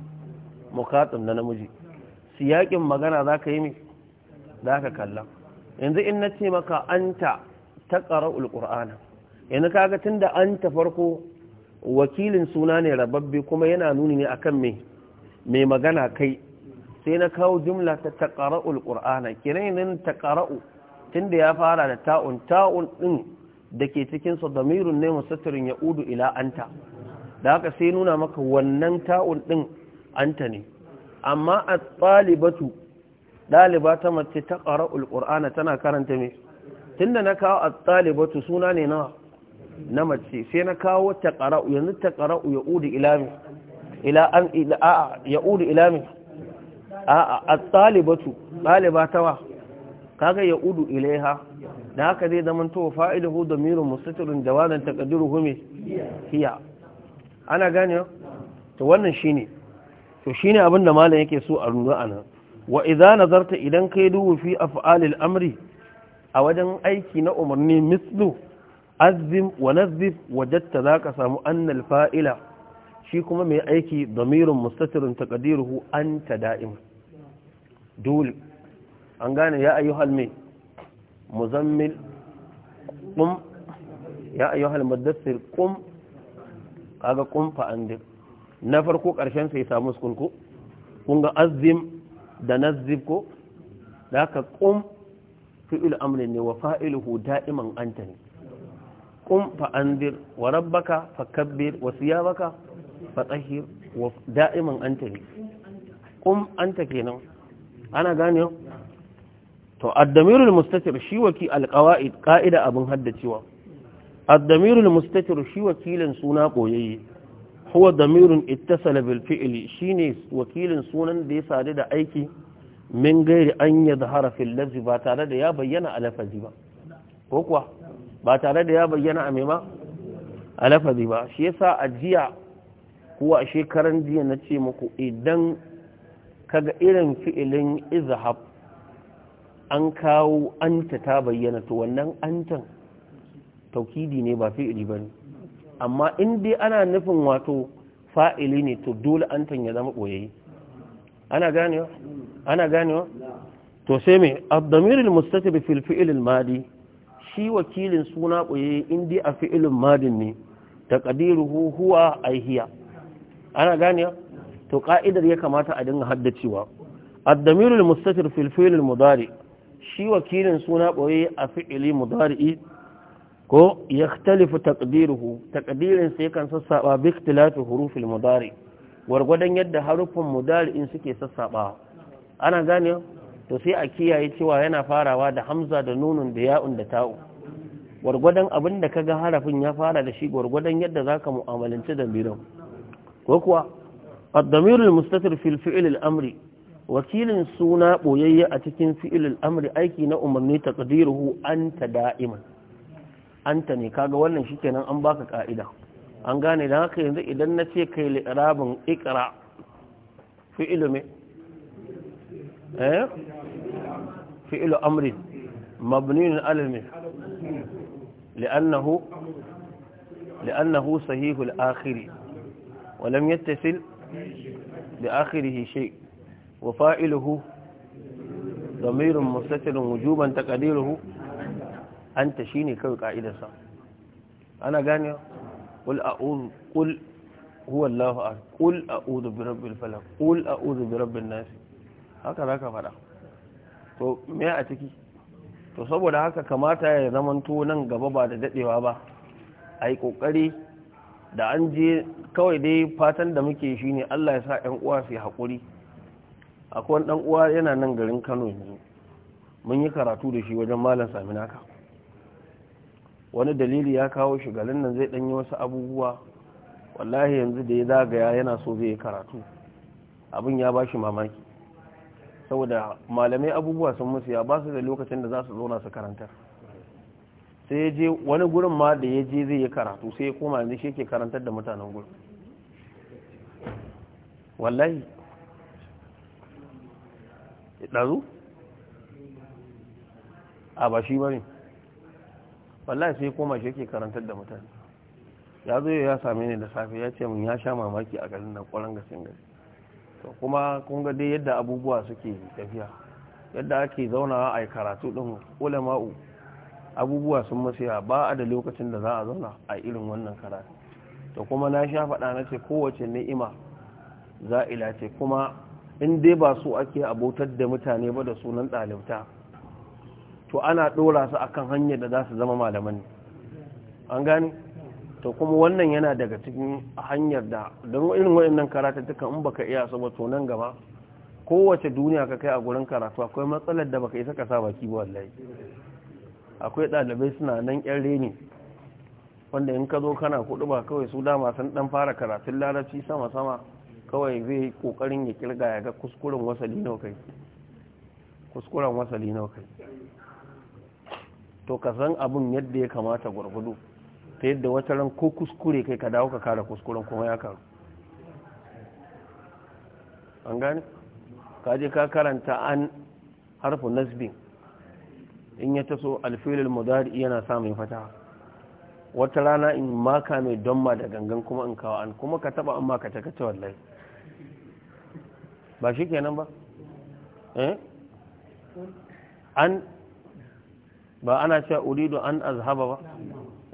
mukatsun na namiji siyakin magana za ka yi mai za ka kalla yanzu in na ce maka anta ta ƙara ulƙur'ana yanzu kaga tun da anta farko wakilin suna ne rababbe kuma yana nuni ne akan mai mai magana kai sai na kawo jumla ta ta ƙara ulƙur'ana kenan yanzu ta ƙara'u tun da ya fara da ta'un ta'un ɗin da ke cikinsa damirun ne musattirin ya udu ila anta da haka sai nuna maka wannan ta'un ɗin anta ne amma a ɗalibatu ɗaliba ta mace ta ƙara ul'ur'ana tana karanta mai tun da na kawo a ɗalibatu suna ne na na mace sai na kawo ta ƙara'u yanzu ta ƙara'u ya udu ilami ila an ya udu ilami a a ɗalibatu ɗaliba ta wa kaga ya udu ilaiha da haka zai zama to fa'iluhu damirun mustatirun jawadan taqdiruhu hume hiya ana gane to wannan shine to shine abin da malam yake so a a anan wa idza nazarta idan kai duhu fi af'alil amri a wajen aiki na umarni mislu azim wa nazif wajadta ka samu annal fa'ila shi kuma mai aiki damirun mustatirun taqdiruhu anta da'im dole an gane ya ayyuhal mai muzammil ƙum ya ayyuhal muddassir ƙum kaga ƙum fa'andir na farko ƙarshen sai samu sukun ko kun ga azim da nazib ko da haka ƙum fi'il amrin ne wa fa'iluhu da'iman anta ne ƙum fa'andir wa rabbaka fakabbir wa siyabaka fatahir wa da'iman anta ne ƙum anta kenan ana gane to addamirul mustatir shi waki alqawaid qaida abin haddacewa addamirul mustatir shi wakilin suna koyayye huwa damirun ittasala bil fi'li shine wakilin sunan da ya sadu da aiki min gairi an zahara fil lafzi ba tare da ya bayyana a lafazi ba ko kuwa ba tare da ya bayyana a mema a lafazi ba shi yasa a jiya kuwa a shekaran jiya na ce muku idan kaga irin fi'ilin izhab an kawo anta ta bayyana to wannan antan taukidi ne ba fi'ili ne. amma in dai ana nufin wato fa'ili ne to dole antan ya zama boyayye ana ganewa ana ganewa to sai mai abdamirin mustafi da filfi'ilin madi shi wakilin suna ɓoye in dai a fi'ilin madin ne ƙadiru huwa aihiya ana ganewa to ka'idar ya kamata a dinga haddacewa abdamirin mustafi da filfi'ilin mudari. shi wakilin suna ɓoye a fi'ili mudari'i ko ya talifu taƙadiruhu? Taƙadirin sai kan sassaɓa bi hurufin mu mudari gwargwadon yadda harufin mudari'in suke sassaɓa ana gane to sai a kiyaye cewa yana farawa da hamza da nunun da ya'un da ta'u gwargwadon abin da kaga harafin ya fara da shi gwargwadon yadda za ka mu'amalanci da miran ko kuwa الضمير المستتر في الفعل amri. wakilin suna ɓoyayya a cikin fi'ilil amri aiki na umarni taqdiruhu anta da'iman anta ne kaga wannan shikenan an baka ka'ida an gane da haka yanzu idan na ce kai li'rabin ikra fi'ilu me eh fi'ilu amri mabniun ala me li'annahu li'annahu sahihul akhiri yattasil bi akhirihi shay' وفائله ضمير مستتر وجوبا تقديره أنت شيني كوي قائدة صح أنا قاني قل أعوذ قل هو الله أعلم قل أعوذ برب الفلق قل أعوذ to me a ciki to saboda haka kamata ya zamanto nan gaba ba da daɗewa ba a yi kokari da an je kawai dai fatan da muke shi ne Allah ya sa 'yan uwa su yi haƙuri akwai wani uwa yana nan garin kano yanzu mun yi karatu da shi wajen malam naka wani dalili ya kawo shi garin nan zai danyi wasu abubuwa wallahi yanzu da ya zagaya yana so zai yi karatu abin ya ba mamaki saboda malamai abubuwa sun musu ya ba su da lokacin da za su zauna su karantar sai ya je wani gurin ma da ya je zai yi karatu sai ya koma yanzu shi ke karantar da mutanen gurin wallahi ɗazu? a ba shi bane wallahi sai koma shi yake karantar da mutane ya zo ya same ni da safe ya ce mun ya sha mamaki a garin nan kwaran gasin gari to kuma kun ga dai yadda abubuwa suke tafiya yadda ake zaunawa a karatu din ulama'u abubuwa sun masaya ba a da lokacin da za a zauna a irin wannan karatu to kuma na sha faɗa na ce kowace ni'ima za'ila ce kuma in dai ba su ake abotar da mutane ba da sunan ɗalibta to ana ɗora su akan hanyar da za su zama malaman an gane to kuma wannan yana daga cikin hanyar da don irin waɗannan karatattukan in baka iya su ba to nan gaba kowace duniya ka kai a gurin karatu akwai matsalar da baka isa ka sa baki ba wallahi akwai ɗalibai suna nan ƴan reni wanda in ka zo kana kuɗi ba kawai su dama sun ɗan fara karatun larabci sama sama kawai zai yi kokarin ya kirga ya ga kuskuren wasali nawa kai kuskuren wasali nawa kai to ka san abin yadda ya kamata gwargwado ta yadda wata ran ko kuskure kai ka dawo ka kara kuskuren kuma ya karu an gane ka je ka karanta an harfu nasbin in ya taso alfilil mudari yana samun fata wata rana in maka mai don ma da gangan kuma in kawo an kuma ka taba an maka ta kace wallahi ba shi kenan ba eh? an ba ana cewa uridu an azhaba ba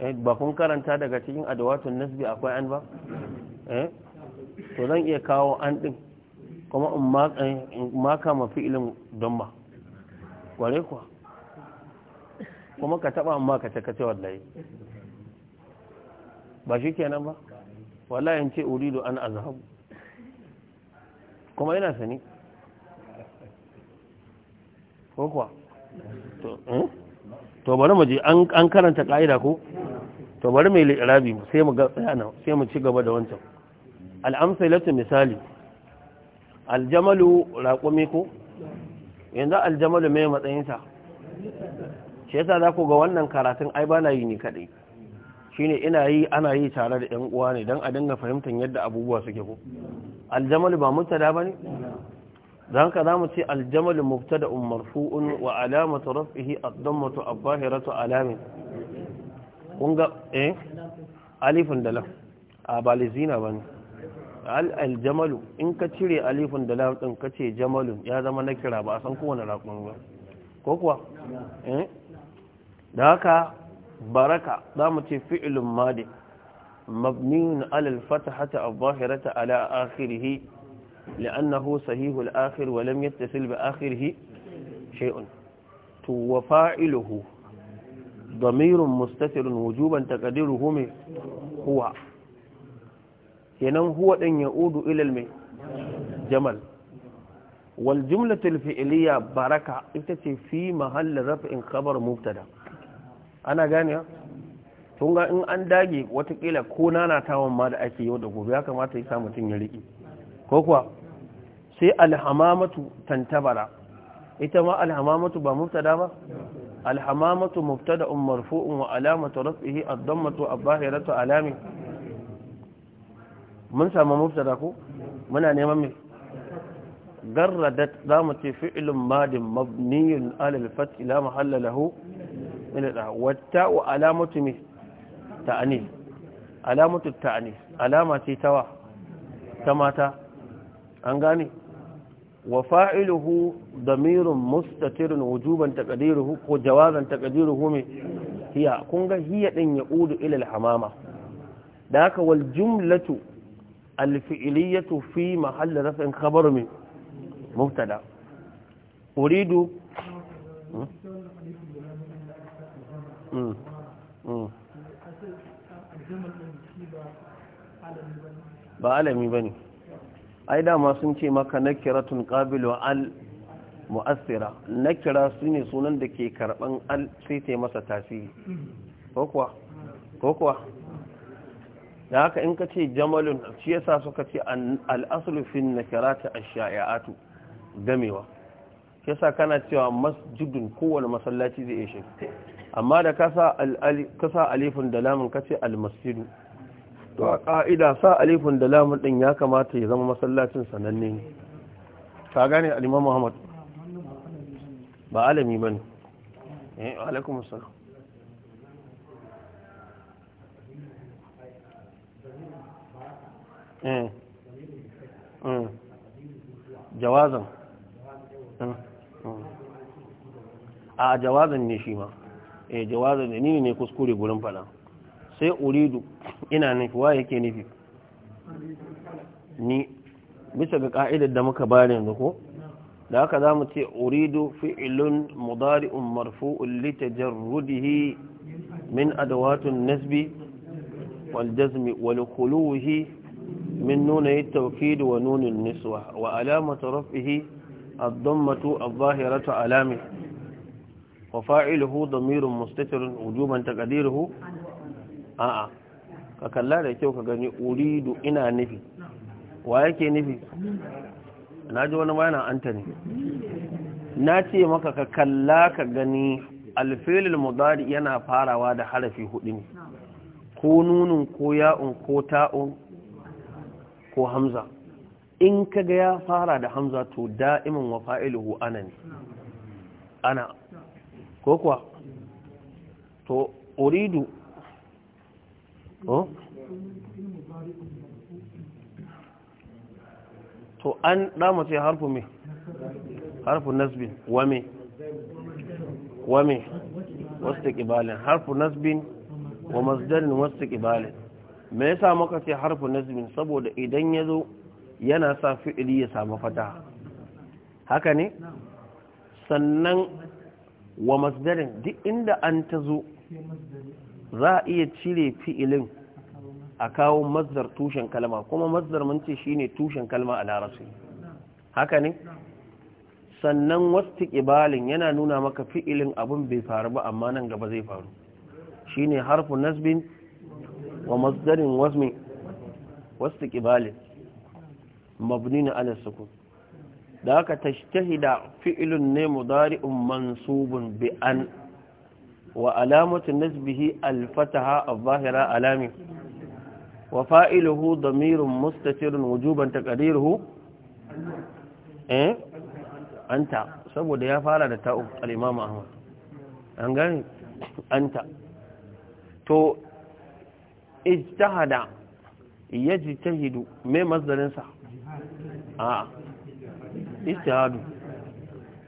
eh, ba kun karanta daga cikin adawatun nasbi akwai an ba eh? to zan iya kawo an din kuma in maka mafi ilin don ba kware kuwa kuma ka taba amma ka ce kace wallahi ba shi kenan ba wallahi in ce uridu an azhabu kuma yana sani ko kuwa eh? to bari mu je an karanta ka'ida ko to bari mai rabi sai mu ga sai mu ci gaba da wancan ilata misali aljamalu raƙumi ko yanzu aljamalu mai matsayinsa shi yasa za ku ga wannan karatun ai ba na yi ni kaɗai shine ina yi ana yi tare da yan uwa ne don a dinga fahimtar yadda abubuwa suke ko aljamal ba mubtada bane dan ka zamu ce aljamal mubtada um marfu'un wa alamatu raf'ihi ad-dammatu abahiratu alamin kun ga eh alifun da lam a balizina bane al'aljamalu in ka cire alifin da lamɗin ka ce jamalun ya zama na kira ba a san kowane raƙon ba ko kuwa eh? da haka baraka za mu ce fi'ilun madi mabniyun alal fatahata al-zahirata ala akhirih li'annahu sahihul akhir wa lam yattasil bi akhirih shay'un fa'iluhu damirun mustatirun wujuban taqdiruhu min huwa yanan huwa din ya'udu ila mai jamal wal jumlatul fi'liya baraka ita ce fi mahall raf'in kabar mubtada' ana gane tun ga in an dage watakila ko tawon ma da ake yau da gobe ya kamata ya sa mutum ya riƙe ko kuwa sai alhamamatu tantabara ita ma alhamamatu ba mubtada ba alhamamatu mubtada'un marfu'un wa alamatu raf'ihi ad-dammatu abahiratu alami mun samu mubtada ko muna neman me garradat zamu ce fi'lun madin mabniyun ala al-fath ilada wata wa alamatu ta'ani alama ce tawa ta mata an gane wa fa'iluhu damirun mustatirun wujuban taqdiruhu ko jawazan taqdiruhu mi hiya kun ga hiya din ya udu ila alhamama da wal jumlatu alfi'liyatu fi mahall rafin khabar mi mubtada uridu hmm? ba alami ba ne ai dama sun ce maka na kira tun ƙabilu al mu'assira na kira su ne sunan da ke karɓan al sai ta masa tasiri ko kuwa da haka in ka ce jamalun shi yasa suka ce al'asulufin na kirata a sha'i'atu gamewa shi yasa kana cewa masjidun kowane masallaci zai iya shi amma da ka sa alifin da lamun ka ce almasidu to a ƙa'ida sa alifin da lamun ɗin ya kamata ya zama masallacin sananne ne ta gane aliman muhammad ba alami ba ne eh, eh, eh. jawazan a jawazan ne shi ma eh jawaza da nini ne kuskure gurin fada sai uridu ina nufi wa yake nufi ni bisa ga ka'idar da muka bari yanzu ko da haka za mu ce uridu fi'ilun mudari'un marfu'un li tajarrudihi min adawatun nasbi wal jazmi wal khuluhi min nunay at da wa nunin niswa wa alamatu raf'ihi الضمة الظاهرة علامه وفاعله ضمير مستتر وجوبا تقديره a'a ka kalla da kyau ka gani uridu ina nufi wa yake nufi na ji wani bayanan anta ne na ce maka ka kalla ka gani alfilil mudari yana farawa da harafi hudu ne ko nunin, ko ya'un ko ta'un ko hamza in ka ga ya fara da hamza to da'imin wa fa'iluhu ana ne ana ko kuwa to uridu to an dama ce harfu mai harfu nasbin wame wame wasu kibalin harfu nasbin wa masdarin wasu kibalin me yasa muka ce harfu nasbin saboda idan ya zo yana sa fi'ili ya samu fata haka ne sannan wa masdarin duk inda an ta zo za a iya cire fi'ilin a kawo masdar tushen kalma kuma masdar mun ce shine tushen kalma a larabci haka ne sannan wasu ibalin yana nuna maka fi'ilin abun bai faru ba amma nan gaba zai faru shine harfu nasbin wa masdarin wasmi wasu ibalin mabnin ala da haka tashtahida fi'ilun ne mudari'un mansubun bi an wa alamatu nasbihi alfataha az-zahira alami wa fa'iluhu da damirun mustatirun wujuban taqdiruhu eh anta saboda ya fara da ta'u al-imam ahmad an gani anta to ijtahada yajtahidu me mazdarin sa a ah. istihadu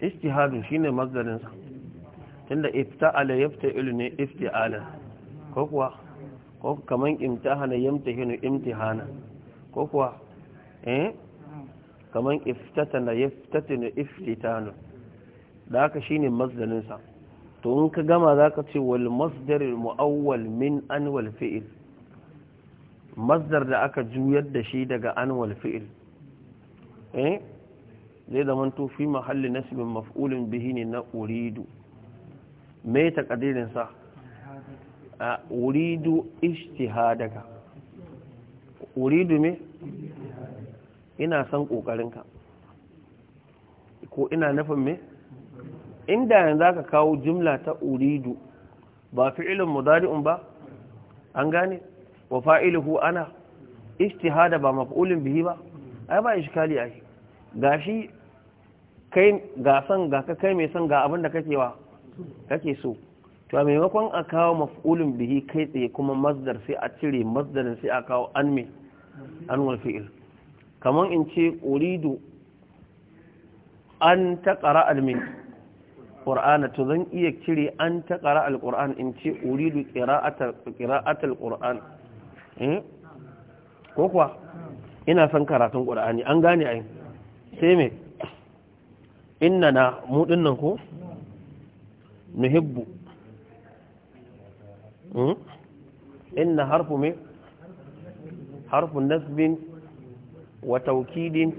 istihadu shine mazdarin sa tunda ifta'ala yafta'ilu ne ifti'ala ko kuwa ko kaman imtahana yamtahinu imtihana ko kuwa eh kaman iftatana yaftatinu iftitanu da haka shine mazdarin sa to in ka gama zaka ce wal masdar muawwal min an wal fi'l masdar da aka juyar da shi daga an wal fi'l eh zai zama to fi mahalli nasibin maf'ulin bihi ne na uridu me takadirin sa a uridu ishtihadaka uridu me ina son kokarinka ko ina nufin me inda yanzu aka kawo jumla ta uridu ba ilin mudari'un ba an gane wa fa'iluhu ana ishtihada ba maf'ulin bihi ba ai ba iskali ai gashi kai ga san ga ka kai mai san ga abin da kake wa kake so to a maimakon a kawo maf'ulun bihi kai tsaye kuma masdar sai a cire masdar sai a kawo an mai an wal fi'il kaman in ce uridu an taqra al min qur'ana to zan iya cire an taqra al qur'an in ce uridu qira'ata qira'ata al qur'an eh ko kuwa ina son karatun qur'ani an gane ai sai me inna na mu nan ko nuhibbu hmm? inna harfu me harfu nasbin wa taukidin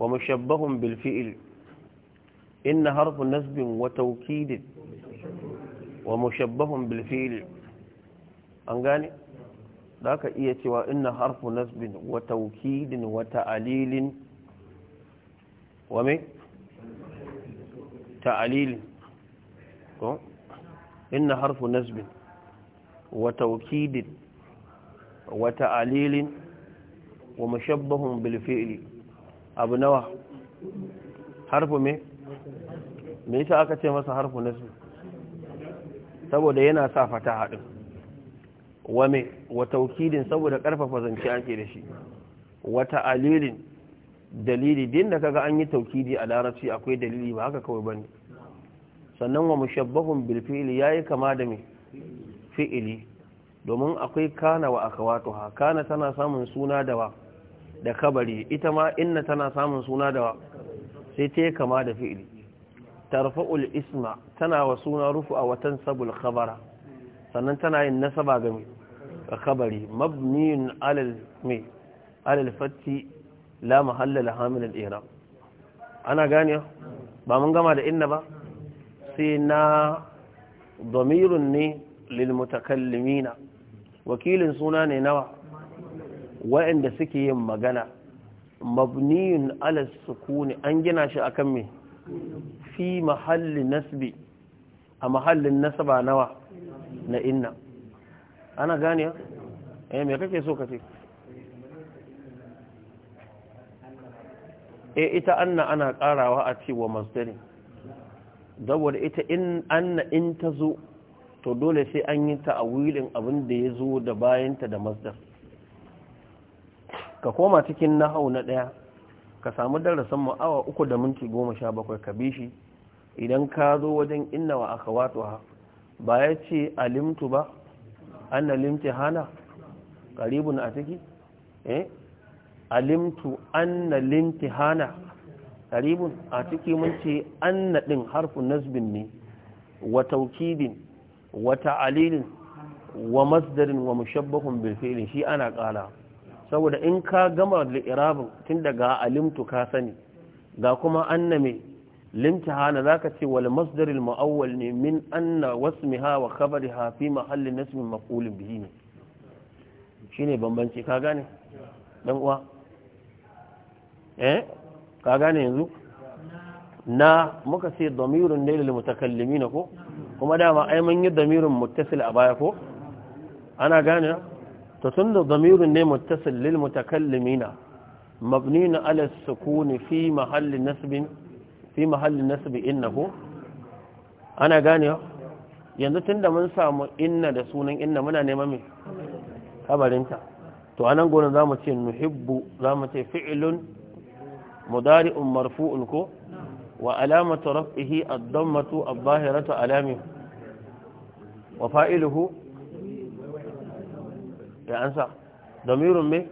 wa mushabbahun bil inna harfu nasbin wa taukidin wa mushabbahun bil an gane da ka iya cewa inna harfu nasbin wa taukidin wa ta'alilin wa me ta'alil ko inna harfu nasbin wa tawkidin wa ta'alilin wa mashabbahun bil fi'li abu nawa harfu me me yasa aka ce masa harfu nasbin saboda yana sa fata haɗin wa me wa tawkidin saboda ƙarfafa zance ake da shi wa ta'alilin dalili din da kaga an yi taukidi a larabci akwai dalili ba haka kawai bane sannan wa mushabbahun bil fi'li yayi kama da me fi'li domin akwai kana wa akawatuha kana tana samun suna da wa da kabari ita ma inna tana samun suna da wa sai ta kama da fi'li tarfa'ul isma tana wa suna rufu'a wa tansabul khabara sannan tana yin nasaba ga me kabari mabniyun alal me alal fatti la mahalla laha min ana gane ba mun gama da inna ba sai na damirun ne lil mutakallimina wakilin suna ne nawa wa'anda suke yin magana mabniyun ala sukuni an gina shi akan me fi mahalli nasbi a mahallin nasaba nawa na inna ana gane eh me kake so ka ce e ita anna ana karawa a cewa masdari saboda ita in anna in ta zo to dole sai an yi ta a wilin abin da ya zo da bayanta da masdar ka koma cikin nahau na daya ka samu darasin mu awa uku da minti goma sha bakwai ka bi idan ka zo wajen inna wa aka ha ba ya ce alimtu ba an na limti hana ƙaribun a ciki eh alimtu anna limtihana qaribun a ciki mun ce anna din harfu nasbin ne wa taukidin wa ta'alilin wa masdarin wa mushabbahun bil fi'li shi ana kala saboda in ka gama da irabin tun daga alimtu ka sani ga kuma anna me limtihana zaka ce wal masdaril muawwal ne min anna wasmiha wa khabariha fi mahalli nasbin maqulun bihi ne shine bambanci ka gane dan uwa eh ka gane yanzu na muka ce damirun ne lil mutakallimin ko kuma dama ai mun yi damirun muttasil a baya ko ana gane to tunda damirun ne muttasil lil mutakallimin mabni ala sukun fi mahalli nasb fi mahalli nasb innahu ana gane yanzu tunda mun samu inna da sunan inna muna neman me kabarinta to anan gona zamu ce nuhibbu zamu ce fi'lun مضارع مرفوع كو وعلامة رفعه الضمة الظاهرة علامه وفائله يا أنسى ضمير به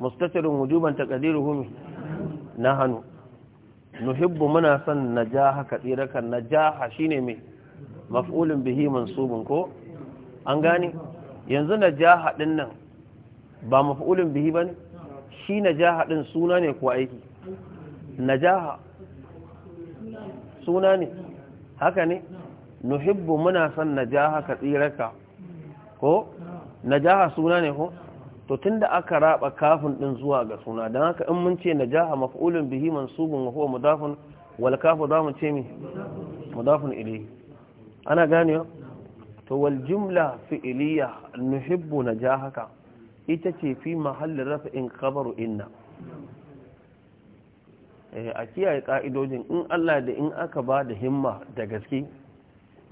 مستتر وجوبا تقديره نحن نحب منا سن نجاح كثيرك النجاح شيني مي مفعول به منصوب كو an gane yanzu najaha din nan ba maf'ulun bihi bane shi najaha din suna ne ko aiki najaha suna ne haka ne nuhibbu muna son najaha ka tsiraka ko najaha suna ne ko to tunda aka raba kafin din zuwa ga suna dan haka in mun ce najaha maf'ulun bihi mansubun wa huwa mudafun wal kafu zamu ce mi mudafun ilayhi ana gane. to wal jumla fi'liya nuhibbu najahaka ita ce fi mahallin rafa'in kabaru inna eh, a kiyaye ka'idojin in Allah da in aka ba da himma da gaske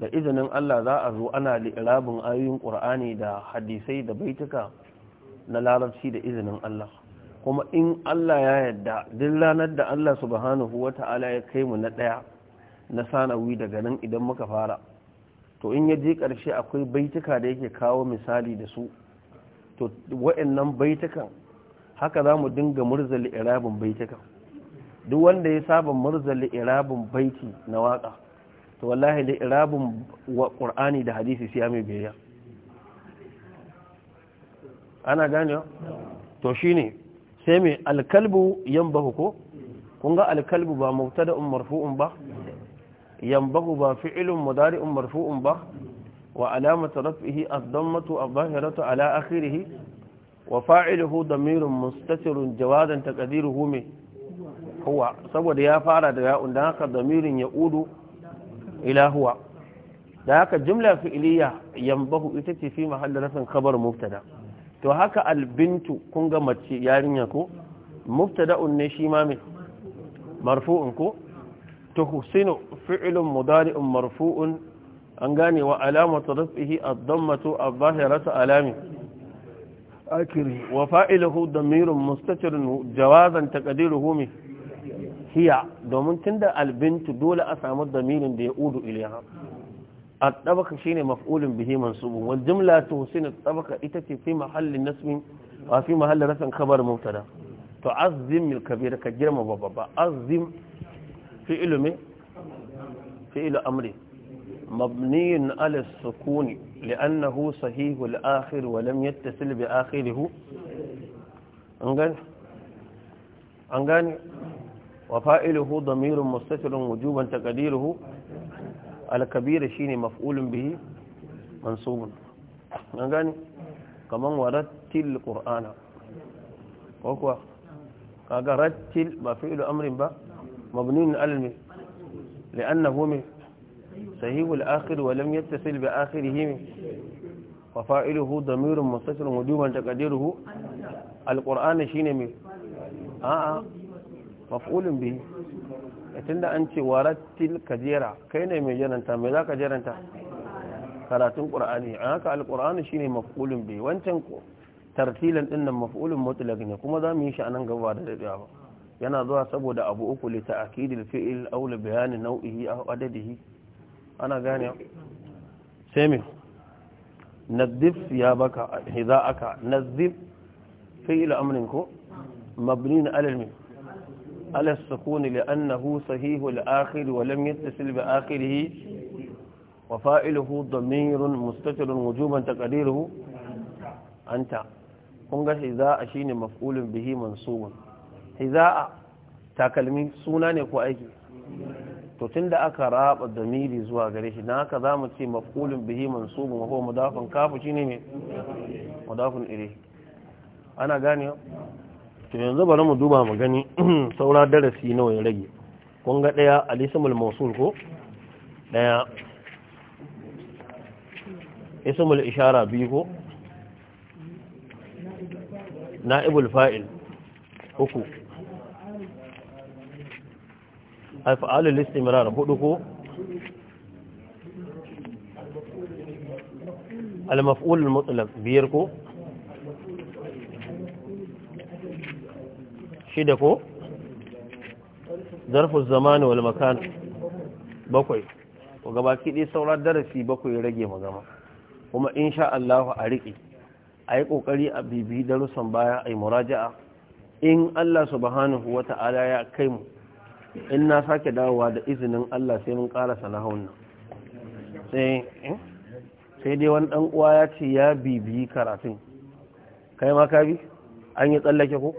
da izinin Allah za a zo ana li'irabin ayoyin ƙur'ani da hadisai da baituka na larabci da izinin Allah kuma in Allah ya yadda duk ranar da Allah subhanahu ta'ala ya kai mu na ɗaya na sanawi daga nan idan muka fara to in ya je ƙarshe akwai baituka da yake kawo misali da su to wa'annan baitukan haka za mu dinga murzali irabin baitukan duk wanda ya saba murzali irabin baiti na waka to wallahi da irabin wa qur'ani da hadisi sai mai biya ana gane to shine sai mai alkalbu yambahu ko kun ga alkalbu ba mubtada'un marfu'un ba yambahu ba fi'lun mudari'un marfu'un ba wa alama ta rafi hi a don matu a bahirata ala akiri wa fa’ili hu da mirin mustasirin jawazin takadiru hu mai huwa saboda ya fara da ya’un da haka da mirin ya ƙudu ila huwa da haka jimla fi iliya yambahu ita ce fi mahalli rafin kabar muftada to haka albintu kun ga mace yarinya ya muftada un ne shi mame marfu’un ko ta hussinu fi’ilin mudari’un marfu’un an gane wa alamatu rufihi ad-dammatu adh-dhahiratu alami akri wa fa'iluhu damirun mustatirun jawazan taqdiruhu mi hiya domin tun da albintu dole a samu damirin da ya udu ilaha at-tabaka shine maf'ulun bihi mansubun wal jumla tusinu at-tabaka ita ce fi mahallin nasmin a fi mahallin rasan kabar mubtada to azzim mil kabir ka girma ba azzim fi ilmi fi ila amri مبني على السكون لأنه صحيح الآخر ولم يتصل بآخره أنقل أنقل وفائله ضمير مستتر وجوبا تقديره على كبير شين مفعول به منصوب أنقل كمان ورتل القرآن وكوا كاغا رتل مفعول أمر با مبني على لأنه من sahihul akhir wa lam yattasil bi akhirih wa fa'iluhu damirun mustatir wujuban taqdiruhu alqur'ani shine me a'a maf'ulun bihi tunda an ce warattil kajera kai ne mai jaranta mai zaka jaranta karatun qur'ani haka alqur'ani shine maf'ulun bihi wancan tartilan dinnan maf'ulun mutlaq ne kuma zamu yi shi anan gaba da dadewa ba yana zuwa saboda abu uku li ta'kidil fi'il aw li bayani nau'ihi aw adadihi ana gane sai mai nazif ya baka hiza aka nazif fi ila amrin ko mabni na alal min ala sukuni li'annahu sahihu al-akhir wa lam yattasil bi akhirihi وفائله ضمير wujuban وجوبا تقديره أنت kunga hiza'a shine maf'ulun bihi mansubun hiza'a takalmi suna ne ko aiki to tun da aka raba damiri zuwa gare shi na haka za mu ce maf'ulun bihi mansubun wa huwa kafu shine ne mudafun ana gane to yanzu bari mu duba mu gani saura darasi nawa ya rage kun ga daya al-ismul mawsul ko daya ismul ishara biyu ko na'ibul fa'il uku أفعال الاستمرار biyar ko المطلق بيركو ko ظرف zamani walmakan bakwai ga gabaki ɗaya saurar darasi bakwai rage magama kuma insha Allah a riƙe a yi ƙoƙari a bibi darussan baya a yi muraja'a in Allah subhanahu wa ta'ala ya kai mu in na sake dawowa da izinin Allah sai mun karasa na nan eh? sai dai wani ɗan uwa ya ce ya bibiyi karatun kai ma ka bi an yi tsallake ko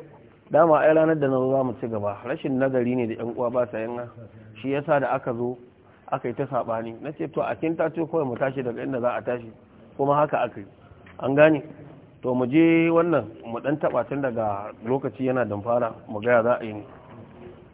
dama yi ranar da na zo za mu ci gaba rashin nagari ne da 'yan uwa ba sa yana shi yasa da aka zo aka yi ta saɓani na ce to a kin ta ce kawai mu tashi daga inda za a tashi kuma haka aka yi an gane to mu je wannan mu ɗan taɓa tun daga lokaci yana damfara mu gaya za a yi ne